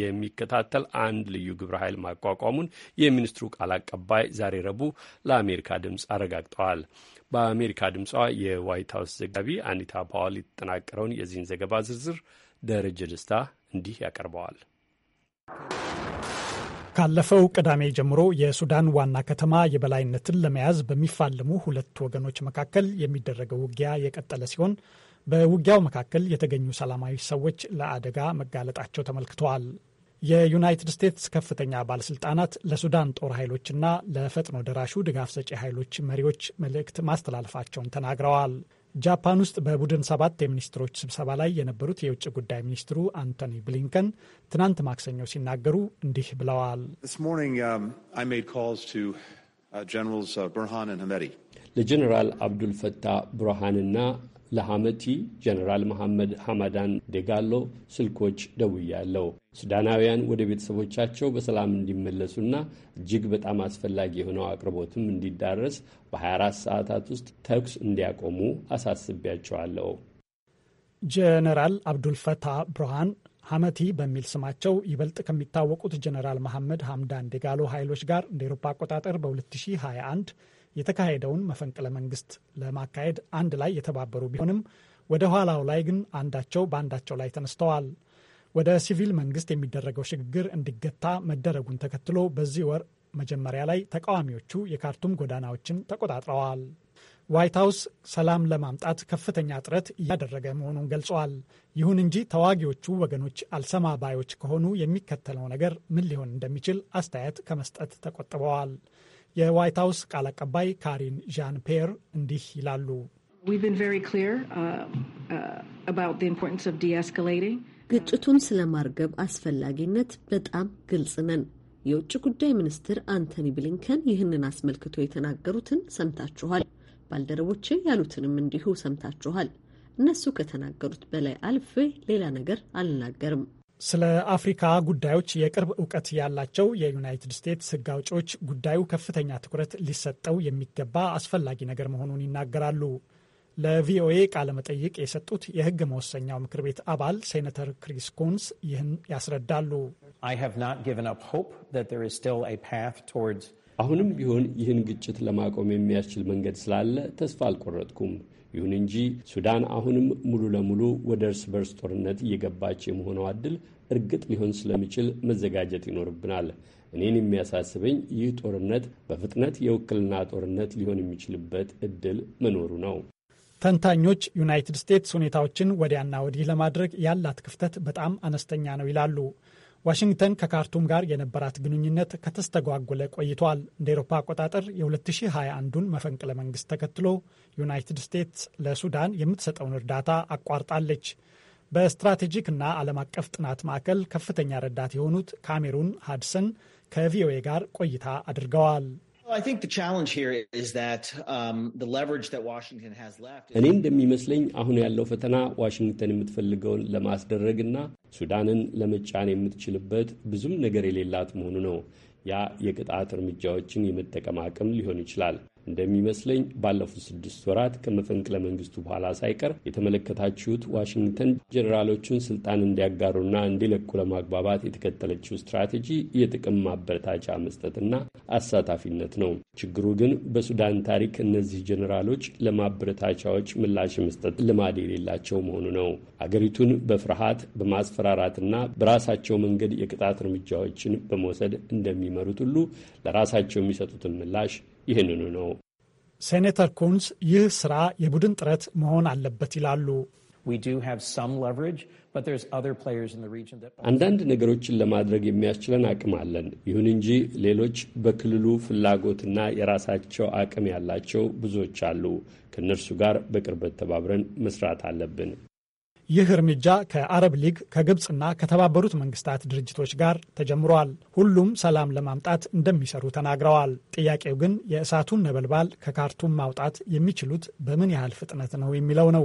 የሚከታተል አንድ ልዩ ግብረ ኃይል ማቋቋሙን የሚኒስትሩ ቃል አቀባይ ዛሬ ረቡዕ ለአሜሪካ ድምፅ አረጋግጠዋል። በአሜሪካ ድምጿ የዋይት ሀውስ ዘጋቢ አኒታ ፓዋል የተጠናቀረውን የዚህን ዘገባ ዝርዝር ደረጀ ደስታ እንዲህ ያቀርበዋል። ካለፈው ቅዳሜ ጀምሮ የሱዳን ዋና ከተማ የበላይነትን ለመያዝ በሚፋለሙ ሁለት ወገኖች መካከል የሚደረገው ውጊያ የቀጠለ ሲሆን በውጊያው መካከል የተገኙ ሰላማዊ ሰዎች ለአደጋ መጋለጣቸው ተመልክተዋል። የዩናይትድ ስቴትስ ከፍተኛ ባለስልጣናት ለሱዳን ጦር ኃይሎችና ለፈጥኖ ደራሹ ድጋፍ ሰጪ ኃይሎች መሪዎች መልእክት ማስተላለፋቸውን ተናግረዋል። ጃፓን ውስጥ በቡድን ሰባት የሚኒስትሮች ስብሰባ ላይ የነበሩት የውጭ ጉዳይ ሚኒስትሩ አንቶኒ ብሊንከን ትናንት ማክሰኞ ሲናገሩ እንዲህ ብለዋል። ለጀኔራል አብዱል ፈታህ ቡርሃንና ለሐመቲ ጀነራል መሐመድ ሐማዳን ዴጋሎ ስልኮች ደውያለሁ። ሱዳናውያን ወደ ቤተሰቦቻቸው በሰላም እንዲመለሱና እጅግ በጣም አስፈላጊ የሆነው አቅርቦትም እንዲዳረስ በ24 ሰዓታት ውስጥ ተኩስ እንዲያቆሙ አሳስቢያቸዋለሁ። ጀነራል አብዱልፈታህ ብርሃን ሐመቲ በሚል ስማቸው ይበልጥ ከሚታወቁት ጀነራል መሐመድ ሐምዳን ዴጋሎ ኃይሎች ጋር እንደ ኤሮፓ አቆጣጠር በ2021 የተካሄደውን መፈንቅለ መንግስት ለማካሄድ አንድ ላይ የተባበሩ ቢሆንም ወደ ኋላው ላይ ግን አንዳቸው በአንዳቸው ላይ ተነስተዋል። ወደ ሲቪል መንግስት የሚደረገው ሽግግር እንዲገታ መደረጉን ተከትሎ በዚህ ወር መጀመሪያ ላይ ተቃዋሚዎቹ የካርቱም ጎዳናዎችን ተቆጣጥረዋል። ዋይት ሀውስ ሰላም ለማምጣት ከፍተኛ ጥረት እያደረገ መሆኑን ገልጿል። ይሁን እንጂ ተዋጊዎቹ ወገኖች አልሰማ ባዮች ከሆኑ የሚከተለው ነገር ምን ሊሆን እንደሚችል አስተያየት ከመስጠት ተቆጥበዋል። የዋይት ሀውስ ቃል አቀባይ ካሪን ዣን ፔር እንዲህ ይላሉ። uh, uh, ግጭቱን ስለማርገብ አስፈላጊነት በጣም ግልጽ ነን። የውጭ ጉዳይ ሚኒስትር አንቶኒ ብሊንከን ይህንን አስመልክቶ የተናገሩትን ሰምታችኋል። ባልደረቦቼ ያሉትንም እንዲሁ ሰምታችኋል። እነሱ ከተናገሩት በላይ አልፌ ሌላ ነገር አልናገርም። ስለ አፍሪካ ጉዳዮች የቅርብ እውቀት ያላቸው የዩናይትድ ስቴትስ ሕግ አውጪዎች ጉዳዩ ከፍተኛ ትኩረት ሊሰጠው የሚገባ አስፈላጊ ነገር መሆኑን ይናገራሉ። ለቪኦኤ ቃለመጠይቅ የሰጡት የሕግ መወሰኛው ምክር ቤት አባል ሴኔተር ክሪስ ኮንስ ይህን ያስረዳሉ። አሁንም ቢሆን ይህን ግጭት ለማቆም የሚያስችል መንገድ ስላለ ተስፋ አልቆረጥኩም። ይሁን እንጂ ሱዳን አሁንም ሙሉ ለሙሉ ወደ እርስ በርስ ጦርነት እየገባች የመሆነው እድል እርግጥ ሊሆን ስለሚችል መዘጋጀት ይኖርብናል። እኔን የሚያሳስበኝ ይህ ጦርነት በፍጥነት የውክልና ጦርነት ሊሆን የሚችልበት እድል መኖሩ ነው። ተንታኞች ዩናይትድ ስቴትስ ሁኔታዎችን ወዲያና ወዲህ ለማድረግ ያላት ክፍተት በጣም አነስተኛ ነው ይላሉ። ዋሽንግተን ከካርቱም ጋር የነበራት ግንኙነት ከተስተጓጎለ ቆይቷል። እንደ ኤሮፓ አቆጣጠር የ2021ዱን መፈንቅለ መንግስት ተከትሎ ዩናይትድ ስቴትስ ለሱዳን የምትሰጠውን እርዳታ አቋርጣለች። በስትራቴጂክ ዓለም አቀፍ ጥናት ማዕከል ከፍተኛ ረዳት የሆኑት ካሜሩን ሃድሰን ከቪኦኤ ጋር ቆይታ አድርገዋል። እኔ እንደሚመስለኝ አሁን ያለው ፈተና ዋሽንግተን የምትፈልገውን ለማስደረግና ሱዳንን ለመጫን የምትችልበት ብዙም ነገር የሌላት መሆኑ ነው። ያ የቅጣት እርምጃዎችን የመጠቀም አቅም ሊሆን ይችላል። እንደሚመስለኝ ባለፉት ስድስት ወራት ከመፈንቅለ መንግስቱ በኋላ ሳይቀር የተመለከታችሁት ዋሽንግተን ጀኔራሎቹን ስልጣን እንዲያጋሩና እንዲለቁ ለማግባባት የተከተለችው ስትራቴጂ የጥቅም ማበረታቻ መስጠትና አሳታፊነት ነው። ችግሩ ግን በሱዳን ታሪክ እነዚህ ጀኔራሎች ለማበረታቻዎች ምላሽ መስጠት ልማድ የሌላቸው መሆኑ ነው። አገሪቱን በፍርሃት በማስፈራራትና በራሳቸው መንገድ የቅጣት እርምጃዎችን በመውሰድ እንደሚመሩት ሁሉ ለራሳቸው የሚሰጡትን ምላሽ ይህንኑ ነው። ሴኔተር ኩንስ ይህ ስራ የቡድን ጥረት መሆን አለበት ይላሉ። አንዳንድ ነገሮችን ለማድረግ የሚያስችለን አቅም አለን። ይሁን እንጂ ሌሎች በክልሉ ፍላጎትና የራሳቸው አቅም ያላቸው ብዙዎች አሉ። ከእነርሱ ጋር በቅርበት ተባብረን መስራት አለብን። ይህ እርምጃ ከአረብ ሊግ ከግብፅና ከተባበሩት መንግስታት ድርጅቶች ጋር ተጀምሯል። ሁሉም ሰላም ለማምጣት እንደሚሰሩ ተናግረዋል። ጥያቄው ግን የእሳቱን ነበልባል ከካርቱም ማውጣት የሚችሉት በምን ያህል ፍጥነት ነው የሚለው ነው።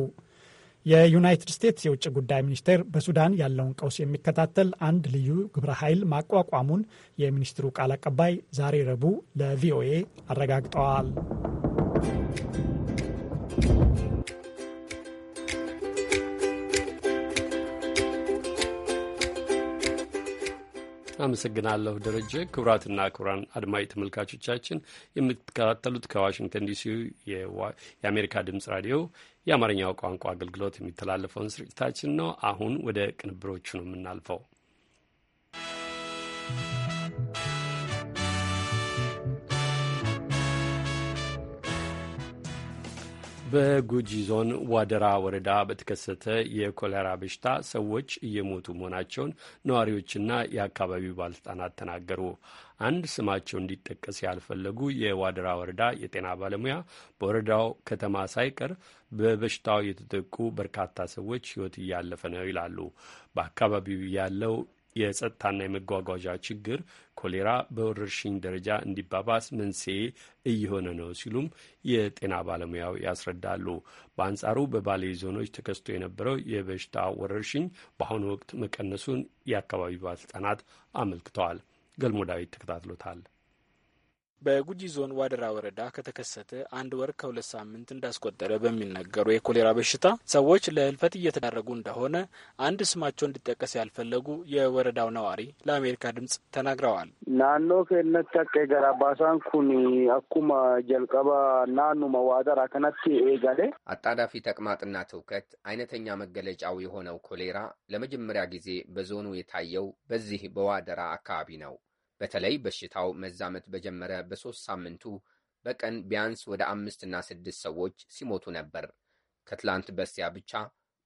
የዩናይትድ ስቴትስ የውጭ ጉዳይ ሚኒስቴር በሱዳን ያለውን ቀውስ የሚከታተል አንድ ልዩ ግብረ ኃይል ማቋቋሙን የሚኒስትሩ ቃል አቀባይ ዛሬ ረቡዕ ለቪኦኤ አረጋግጠዋል። አመሰግናለሁ ደረጀ። ክቡራትና ክቡራን አድማጭ ተመልካቾቻችን የምትከታተሉት ከዋሽንግተን ዲሲ የአሜሪካ ድምጽ ራዲዮ የአማርኛው ቋንቋ አገልግሎት የሚተላለፈውን ስርጭታችን ነው። አሁን ወደ ቅንብሮቹ ነው የምናልፈው። በጉጂ ዞን ዋደራ ወረዳ በተከሰተ የኮሌራ በሽታ ሰዎች እየሞቱ መሆናቸውን ነዋሪዎችና የአካባቢው ባለስልጣናት ተናገሩ። አንድ ስማቸው እንዲጠቀስ ያልፈለጉ የዋደራ ወረዳ የጤና ባለሙያ በወረዳው ከተማ ሳይቀር በበሽታው የተጠቁ በርካታ ሰዎች ሕይወት እያለፈ ነው ይላሉ። በአካባቢው ያለው የጸጥታና የመጓጓዣ ችግር ኮሌራ በወረርሽኝ ደረጃ እንዲባባስ መንስኤ እየሆነ ነው ሲሉም የጤና ባለሙያው ያስረዳሉ። በአንጻሩ በባሌ ዞኖች ተከስቶ የነበረው የበሽታ ወረርሽኝ በአሁኑ ወቅት መቀነሱን የአካባቢው ባለስልጣናት አመልክተዋል። ገልሞ ዳዊት ተከታትሎታል። በጉጂ ዞን ዋደራ ወረዳ ከተከሰተ አንድ ወር ከሁለት ሳምንት እንዳስቆጠረ በሚነገሩ የኮሌራ በሽታ ሰዎች ለህልፈት እየተዳረጉ እንደሆነ አንድ ስማቸው እንዲጠቀስ ያልፈለጉ የወረዳው ነዋሪ ለአሜሪካ ድምጽ ተናግረዋል። ናኖ ከነተቀ ገራባሳን ኩኒ አኩማ ጀልቀባ ናኑ ዋደራ ከናቲ ኤጋሌ አጣዳፊ ተቅማጥና ትውከት አይነተኛ መገለጫው የሆነው ኮሌራ ለመጀመሪያ ጊዜ በዞኑ የታየው በዚህ በዋደራ አካባቢ ነው። በተለይ በሽታው መዛመት በጀመረ በሦስት ሳምንቱ በቀን ቢያንስ ወደ አምስትና ስድስት ሰዎች ሲሞቱ ነበር። ከትላንት በስቲያ ብቻ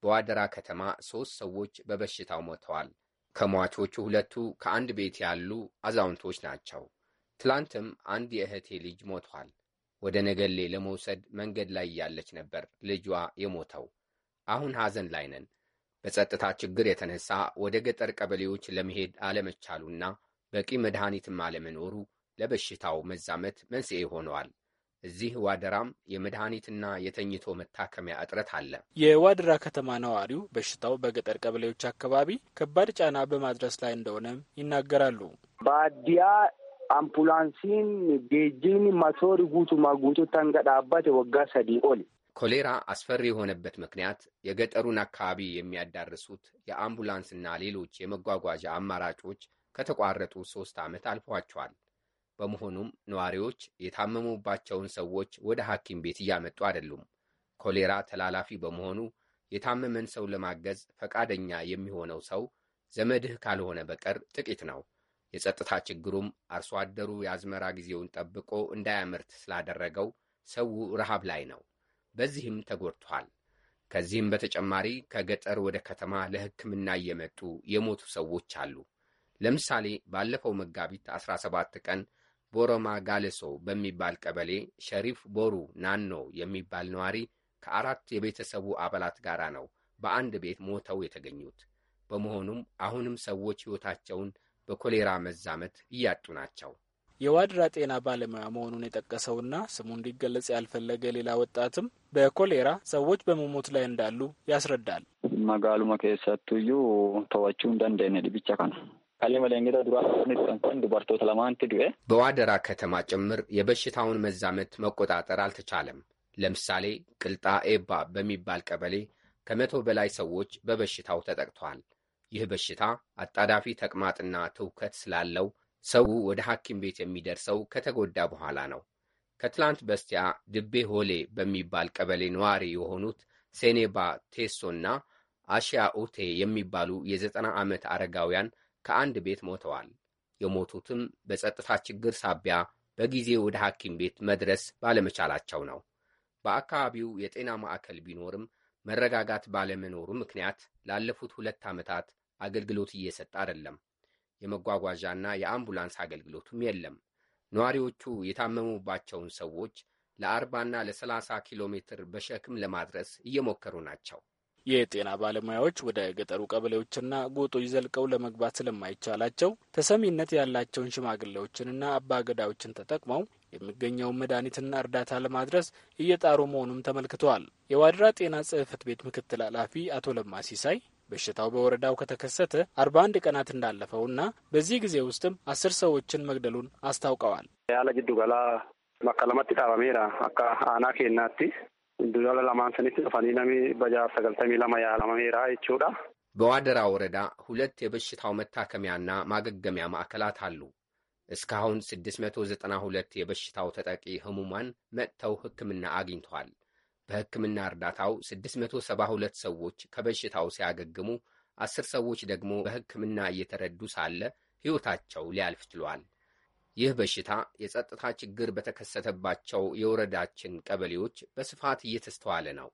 በዋደራ ከተማ ሦስት ሰዎች በበሽታው ሞተዋል። ከሟቾቹ ሁለቱ ከአንድ ቤት ያሉ አዛውንቶች ናቸው። ትላንትም አንድ የእህቴ ልጅ ሞቷል። ወደ ነገሌ ለመውሰድ መንገድ ላይ እያለች ነበር ልጇ የሞተው። አሁን ሐዘን ላይ ነን። በጸጥታ ችግር የተነሳ ወደ ገጠር ቀበሌዎች ለመሄድ አለመቻሉና በቂ መድኃኒትም አለመኖሩ ለበሽታው መዛመት መንስኤ ሆነዋል። እዚህ ዋደራም የመድኃኒትና የተኝቶ መታከሚያ እጥረት አለ። የዋደራ ከተማ ነዋሪው በሽታው በገጠር ቀበሌዎች አካባቢ ከባድ ጫና በማድረስ ላይ እንደሆነም ይናገራሉ። ባዲያ አምፑላንሲን ጌጂን ማሶሪ ጉቱ ማጉቱ ተንገዳባት ወጋ ሰዲ ኦል ኮሌራ አስፈሪ የሆነበት ምክንያት የገጠሩን አካባቢ የሚያዳርሱት የአምቡላንስና ሌሎች የመጓጓዣ አማራጮች ከተቋረጡ ሶስት ዓመት አልፏቸዋል። በመሆኑም ነዋሪዎች የታመሙባቸውን ሰዎች ወደ ሐኪም ቤት እያመጡ አይደሉም። ኮሌራ ተላላፊ በመሆኑ የታመመን ሰው ለማገዝ ፈቃደኛ የሚሆነው ሰው ዘመድህ ካልሆነ በቀር ጥቂት ነው። የጸጥታ ችግሩም አርሶ አደሩ የአዝመራ ጊዜውን ጠብቆ እንዳያመርት ስላደረገው ሰው ረሃብ ላይ ነው። በዚህም ተጎድቷል። ከዚህም በተጨማሪ ከገጠር ወደ ከተማ ለሕክምና እየመጡ የሞቱ ሰዎች አሉ። ለምሳሌ ባለፈው መጋቢት 17 ቀን ቦሮማ ጋለሶ በሚባል ቀበሌ ሸሪፍ ቦሩ ናኖ የሚባል ነዋሪ ከአራት የቤተሰቡ አባላት ጋር ነው በአንድ ቤት ሞተው የተገኙት። በመሆኑም አሁንም ሰዎች ሕይወታቸውን በኮሌራ መዛመት እያጡ ናቸው። የዋድራ ጤና ባለሙያ መሆኑን የጠቀሰውና ስሙ እንዲገለጽ ያልፈለገ ሌላ ወጣትም በኮሌራ ሰዎች በመሞት ላይ እንዳሉ ያስረዳል። መጋሉማ ከሰቱዩ ተዋችው እንደንደነድ ብቻ ከነ በዋደራ ከተማ ጭምር የበሽታውን መዛመት መቆጣጠር አልተቻለም። ለምሳሌ ቅልጣ ኤባ በሚባል ቀበሌ ከመቶ በላይ ሰዎች በበሽታው ተጠቅተዋል። ይህ በሽታ አጣዳፊ ተቅማጥና ትውከት ስላለው ሰው ወደ ሐኪም ቤት የሚደርሰው ከተጎዳ በኋላ ነው። ከትላንት በስቲያ ድቤ ሆሌ በሚባል ቀበሌ ነዋሪ የሆኑት ሴኔባ ቴሶና አሺያ ኡቴ የሚባሉ የዘጠና ዓመት አረጋውያን ከአንድ ቤት ሞተዋል። የሞቱትም በጸጥታ ችግር ሳቢያ በጊዜ ወደ ሐኪም ቤት መድረስ ባለመቻላቸው ነው። በአካባቢው የጤና ማዕከል ቢኖርም መረጋጋት ባለመኖሩ ምክንያት ላለፉት ሁለት ዓመታት አገልግሎት እየሰጠ አይደለም። የመጓጓዣና የአምቡላንስ አገልግሎቱም የለም። ነዋሪዎቹ የታመሙባቸውን ሰዎች ለአርባና ለሰላሳ ኪሎ ሜትር በሸክም ለማድረስ እየሞከሩ ናቸው። የጤና ባለሙያዎች ወደ ገጠሩ ቀበሌዎችና ጎጦች ዘልቀው ለመግባት ስለማይቻላቸው ተሰሚነት ያላቸውን ሽማግሌዎችንና አባገዳዎችን ተጠቅመው የሚገኘውን መድኃኒትና እርዳታ ለማድረስ እየጣሩ መሆኑም ተመልክተዋል። የዋድራ ጤና ጽሕፈት ቤት ምክትል ኃላፊ አቶ ለማ ሲሳይ በሽታው በወረዳው ከተከሰተ 41 ቀናት እንዳለፈውና በዚህ ጊዜ ውስጥም አስር ሰዎችን መግደሉን አስታውቀዋል። ያለ ጅዱ ገላ መቀለመት ጣባሜራ አካ አና ኬናቲ Dudala lamaan sanitti dhufanii namni baja sagaltamii lama yaalamame jira በዋደራ ወረዳ ሁለት የበሽታው መታከሚያና ማገገሚያ ማዕከላት አሉ። እስካሁን 692 የበሽታው ተጠቂ ህሙማን መጥተው ሕክምና አግኝተዋል። በሕክምና እርዳታው 672 ሰዎች ከበሽታው ሲያገግሙ፣ አስር ሰዎች ደግሞ በሕክምና እየተረዱ ሳለ ሕይወታቸው ሊያልፍ ችሏል። ይህ በሽታ የጸጥታ ችግር በተከሰተባቸው የወረዳችን ቀበሌዎች በስፋት እየተስተዋለ ነው።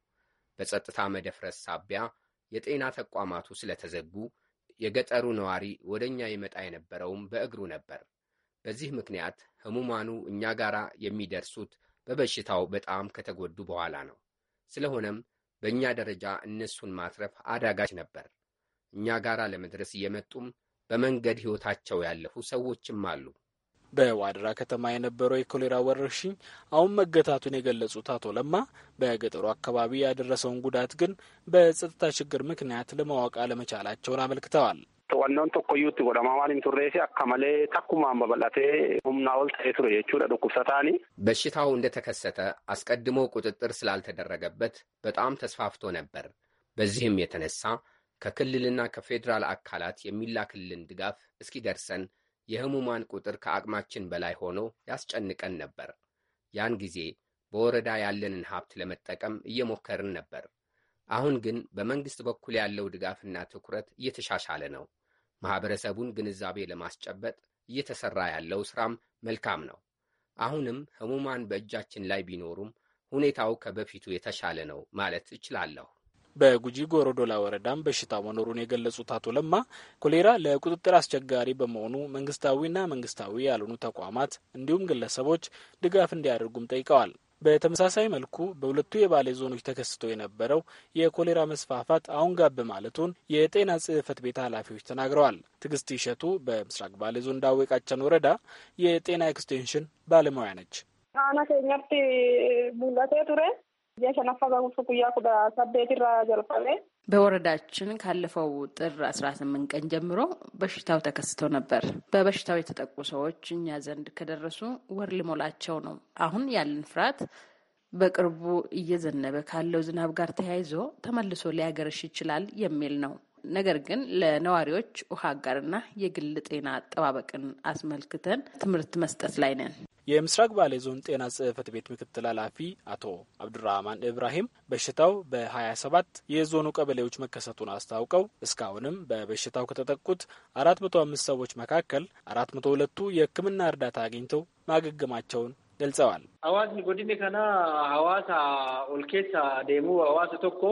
በጸጥታ መደፍረስ ሳቢያ የጤና ተቋማቱ ስለተዘጉ የገጠሩ ነዋሪ ወደ እኛ ይመጣ የነበረውም በእግሩ ነበር። በዚህ ምክንያት ህሙማኑ እኛ ጋራ የሚደርሱት በበሽታው በጣም ከተጎዱ በኋላ ነው። ስለሆነም በእኛ ደረጃ እነሱን ማትረፍ አዳጋች ነበር። እኛ ጋራ ለመድረስ እየመጡም በመንገድ ሕይወታቸው ያለፉ ሰዎችም አሉ። በዋድራ ከተማ የነበረው የኮሌራ ወረርሽኝ አሁን መገታቱን የገለጹት አቶ ለማ በገጠሩ አካባቢ ያደረሰውን ጉዳት ግን በጸጥታ ችግር ምክንያት ለማወቅ አለመቻላቸውን አመልክተዋል። ዋናውን ቶኮ godhamaa waan hin turreef akka malee takkumaan babal'atee humnaa ol ta'ee በሽታው እንደተከሰተ አስቀድሞ ቁጥጥር ስላልተደረገበት በጣም ተስፋፍቶ ነበር። በዚህም የተነሳ ከክልልና ከፌዴራል አካላት የሚላክልን ድጋፍ እስኪደርሰን የህሙማን ቁጥር ከአቅማችን በላይ ሆኖ ያስጨንቀን ነበር። ያን ጊዜ በወረዳ ያለንን ሀብት ለመጠቀም እየሞከርን ነበር። አሁን ግን በመንግሥት በኩል ያለው ድጋፍና ትኩረት እየተሻሻለ ነው። ማኅበረሰቡን ግንዛቤ ለማስጨበጥ እየተሠራ ያለው ሥራም መልካም ነው። አሁንም ህሙማን በእጃችን ላይ ቢኖሩም ሁኔታው ከበፊቱ የተሻለ ነው ማለት እችላለሁ። በጉጂ ጎሮዶላ ወረዳም በሽታ መኖሩን የገለጹት አቶ ለማ ኮሌራ ለቁጥጥር አስቸጋሪ በመሆኑ መንግስታዊና መንግስታዊ ያልሆኑ ተቋማት እንዲሁም ግለሰቦች ድጋፍ እንዲያደርጉም ጠይቀዋል። በተመሳሳይ መልኩ በሁለቱ የባሌ ዞኖች ተከስቶ የነበረው የኮሌራ መስፋፋት አሁን ጋብ ማለቱን የጤና ጽህፈት ቤት ኃላፊዎች ተናግረዋል። ትግስት ይሸቱ በምስራቅ ባሌ ዞን ዳዌ ወረዳ የጤና ኤክስቴንሽን ባለሙያ ነች። የሸነፋ ባጉሱ ጉያ ሰቤት ራ ጀልፈሜ በወረዳችን ካለፈው ጥር አስራ ስምንት ቀን ጀምሮ በሽታው ተከስቶ ነበር። በበሽታው የተጠቁ ሰዎች እኛ ዘንድ ከደረሱ ወር ሊሞላቸው ነው። አሁን ያለን ፍርሃት በቅርቡ እየዘነበ ካለው ዝናብ ጋር ተያይዞ ተመልሶ ሊያገረሽ ይችላል የሚል ነው። ነገር ግን ለነዋሪዎች ውሃ አጋርና የግል ጤና አጠባበቅን አስመልክተን ትምህርት መስጠት ላይ ነን። የምስራቅ ባሌ ዞን ጤና ጽህፈት ቤት ምክትል ኃላፊ አቶ አብዱራህማን ኢብራሂም በሽታው በ27 የዞኑ ቀበሌዎች መከሰቱን አስታውቀው እስካሁንም በበሽታው ከተጠቁት 405 ሰዎች መካከል 402ቱ የሕክምና እርዳታ አግኝተው ማገገማቸውን ገልጸዋል። አዋስ ጎዲኔ ከና ሀዋሳ ኦልኬሳ ደሙ ሀዋስ ቶኮ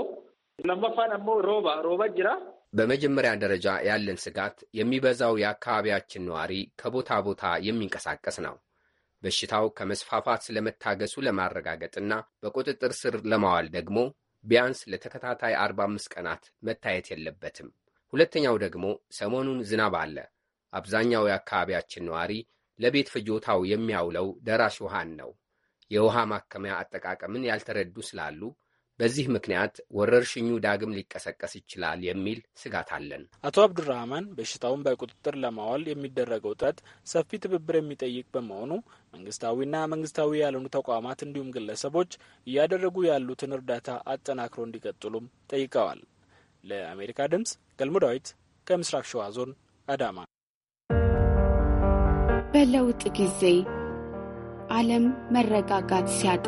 ለመፋን ሞ ሮባ ሮባ ጅራ በመጀመሪያ ደረጃ ያለን ስጋት የሚበዛው የአካባቢያችን ነዋሪ ከቦታ ቦታ የሚንቀሳቀስ ነው። በሽታው ከመስፋፋት ስለመታገሱ ለማረጋገጥና በቁጥጥር ስር ለማዋል ደግሞ ቢያንስ ለተከታታይ 45 ቀናት መታየት የለበትም። ሁለተኛው ደግሞ ሰሞኑን ዝናብ አለ። አብዛኛው የአካባቢያችን ነዋሪ ለቤት ፍጆታው የሚያውለው ደራሽ ውሃን ነው። የውሃ ማከሚያ አጠቃቀምን ያልተረዱ ስላሉ በዚህ ምክንያት ወረርሽኙ ዳግም ሊቀሰቀስ ይችላል የሚል ስጋት አለን። አቶ አብዱራህማን በሽታውን በቁጥጥር ለማዋል የሚደረገው ጥረት ሰፊ ትብብር የሚጠይቅ በመሆኑ መንግስታዊና መንግስታዊ ያልሆኑ ተቋማት እንዲሁም ግለሰቦች እያደረጉ ያሉትን እርዳታ አጠናክሮ እንዲቀጥሉም ጠይቀዋል። ለአሜሪካ ድምጽ ገልሞ ዳዊት ከምስራቅ ሸዋ ዞን አዳማ። በለውጥ ጊዜ ዓለም መረጋጋት ሲያጣ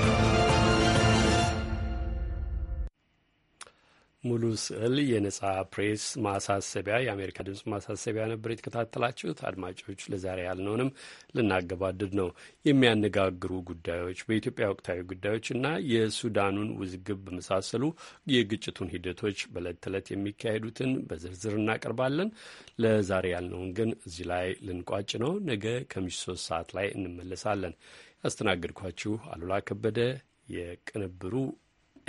ሙሉ ስዕል የነጻ ፕሬስ ማሳሰቢያ የአሜሪካ ድምፅ ማሳሰቢያ ነበር የተከታተላችሁት። አድማጮች ለዛሬ ያልነውንም ልናገባድድ ነው። የሚያነጋግሩ ጉዳዮች በኢትዮጵያ ወቅታዊ ጉዳዮችና የሱዳኑን ውዝግብ በመሳሰሉ የግጭቱን ሂደቶች በዕለት ተዕለት የሚካሄዱትን በዝርዝር እናቀርባለን። ለዛሬ ያልነውን ግን እዚህ ላይ ልንቋጭ ነው። ነገ ከምሽቱ ሶስት ሰዓት ላይ እንመለሳለን። ያስተናገድኳችሁ አሉላ ከበደ የቅንብሩ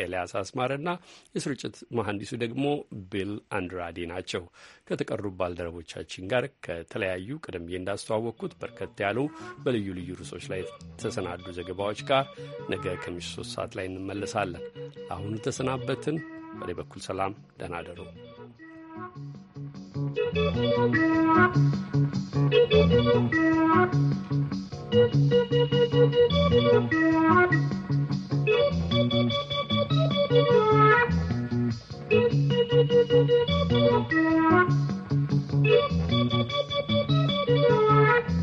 ኤልያስ አስማረና የስርጭት መሐንዲሱ ደግሞ ቢል አንድራዴ ናቸው። ከተቀሩ ባልደረቦቻችን ጋር ከተለያዩ ቀደም ብዬ እንዳስተዋወቅኩት በርከት ያሉ በልዩ ልዩ ርዕሶች ላይ ተሰናዱ ዘገባዎች ጋር ነገ ከምሽቱ ሶስት ሰዓት ላይ እንመለሳለን። አሁን ተሰናበትን። በእኔ በኩል ሰላም፣ ደህና you. Thank you.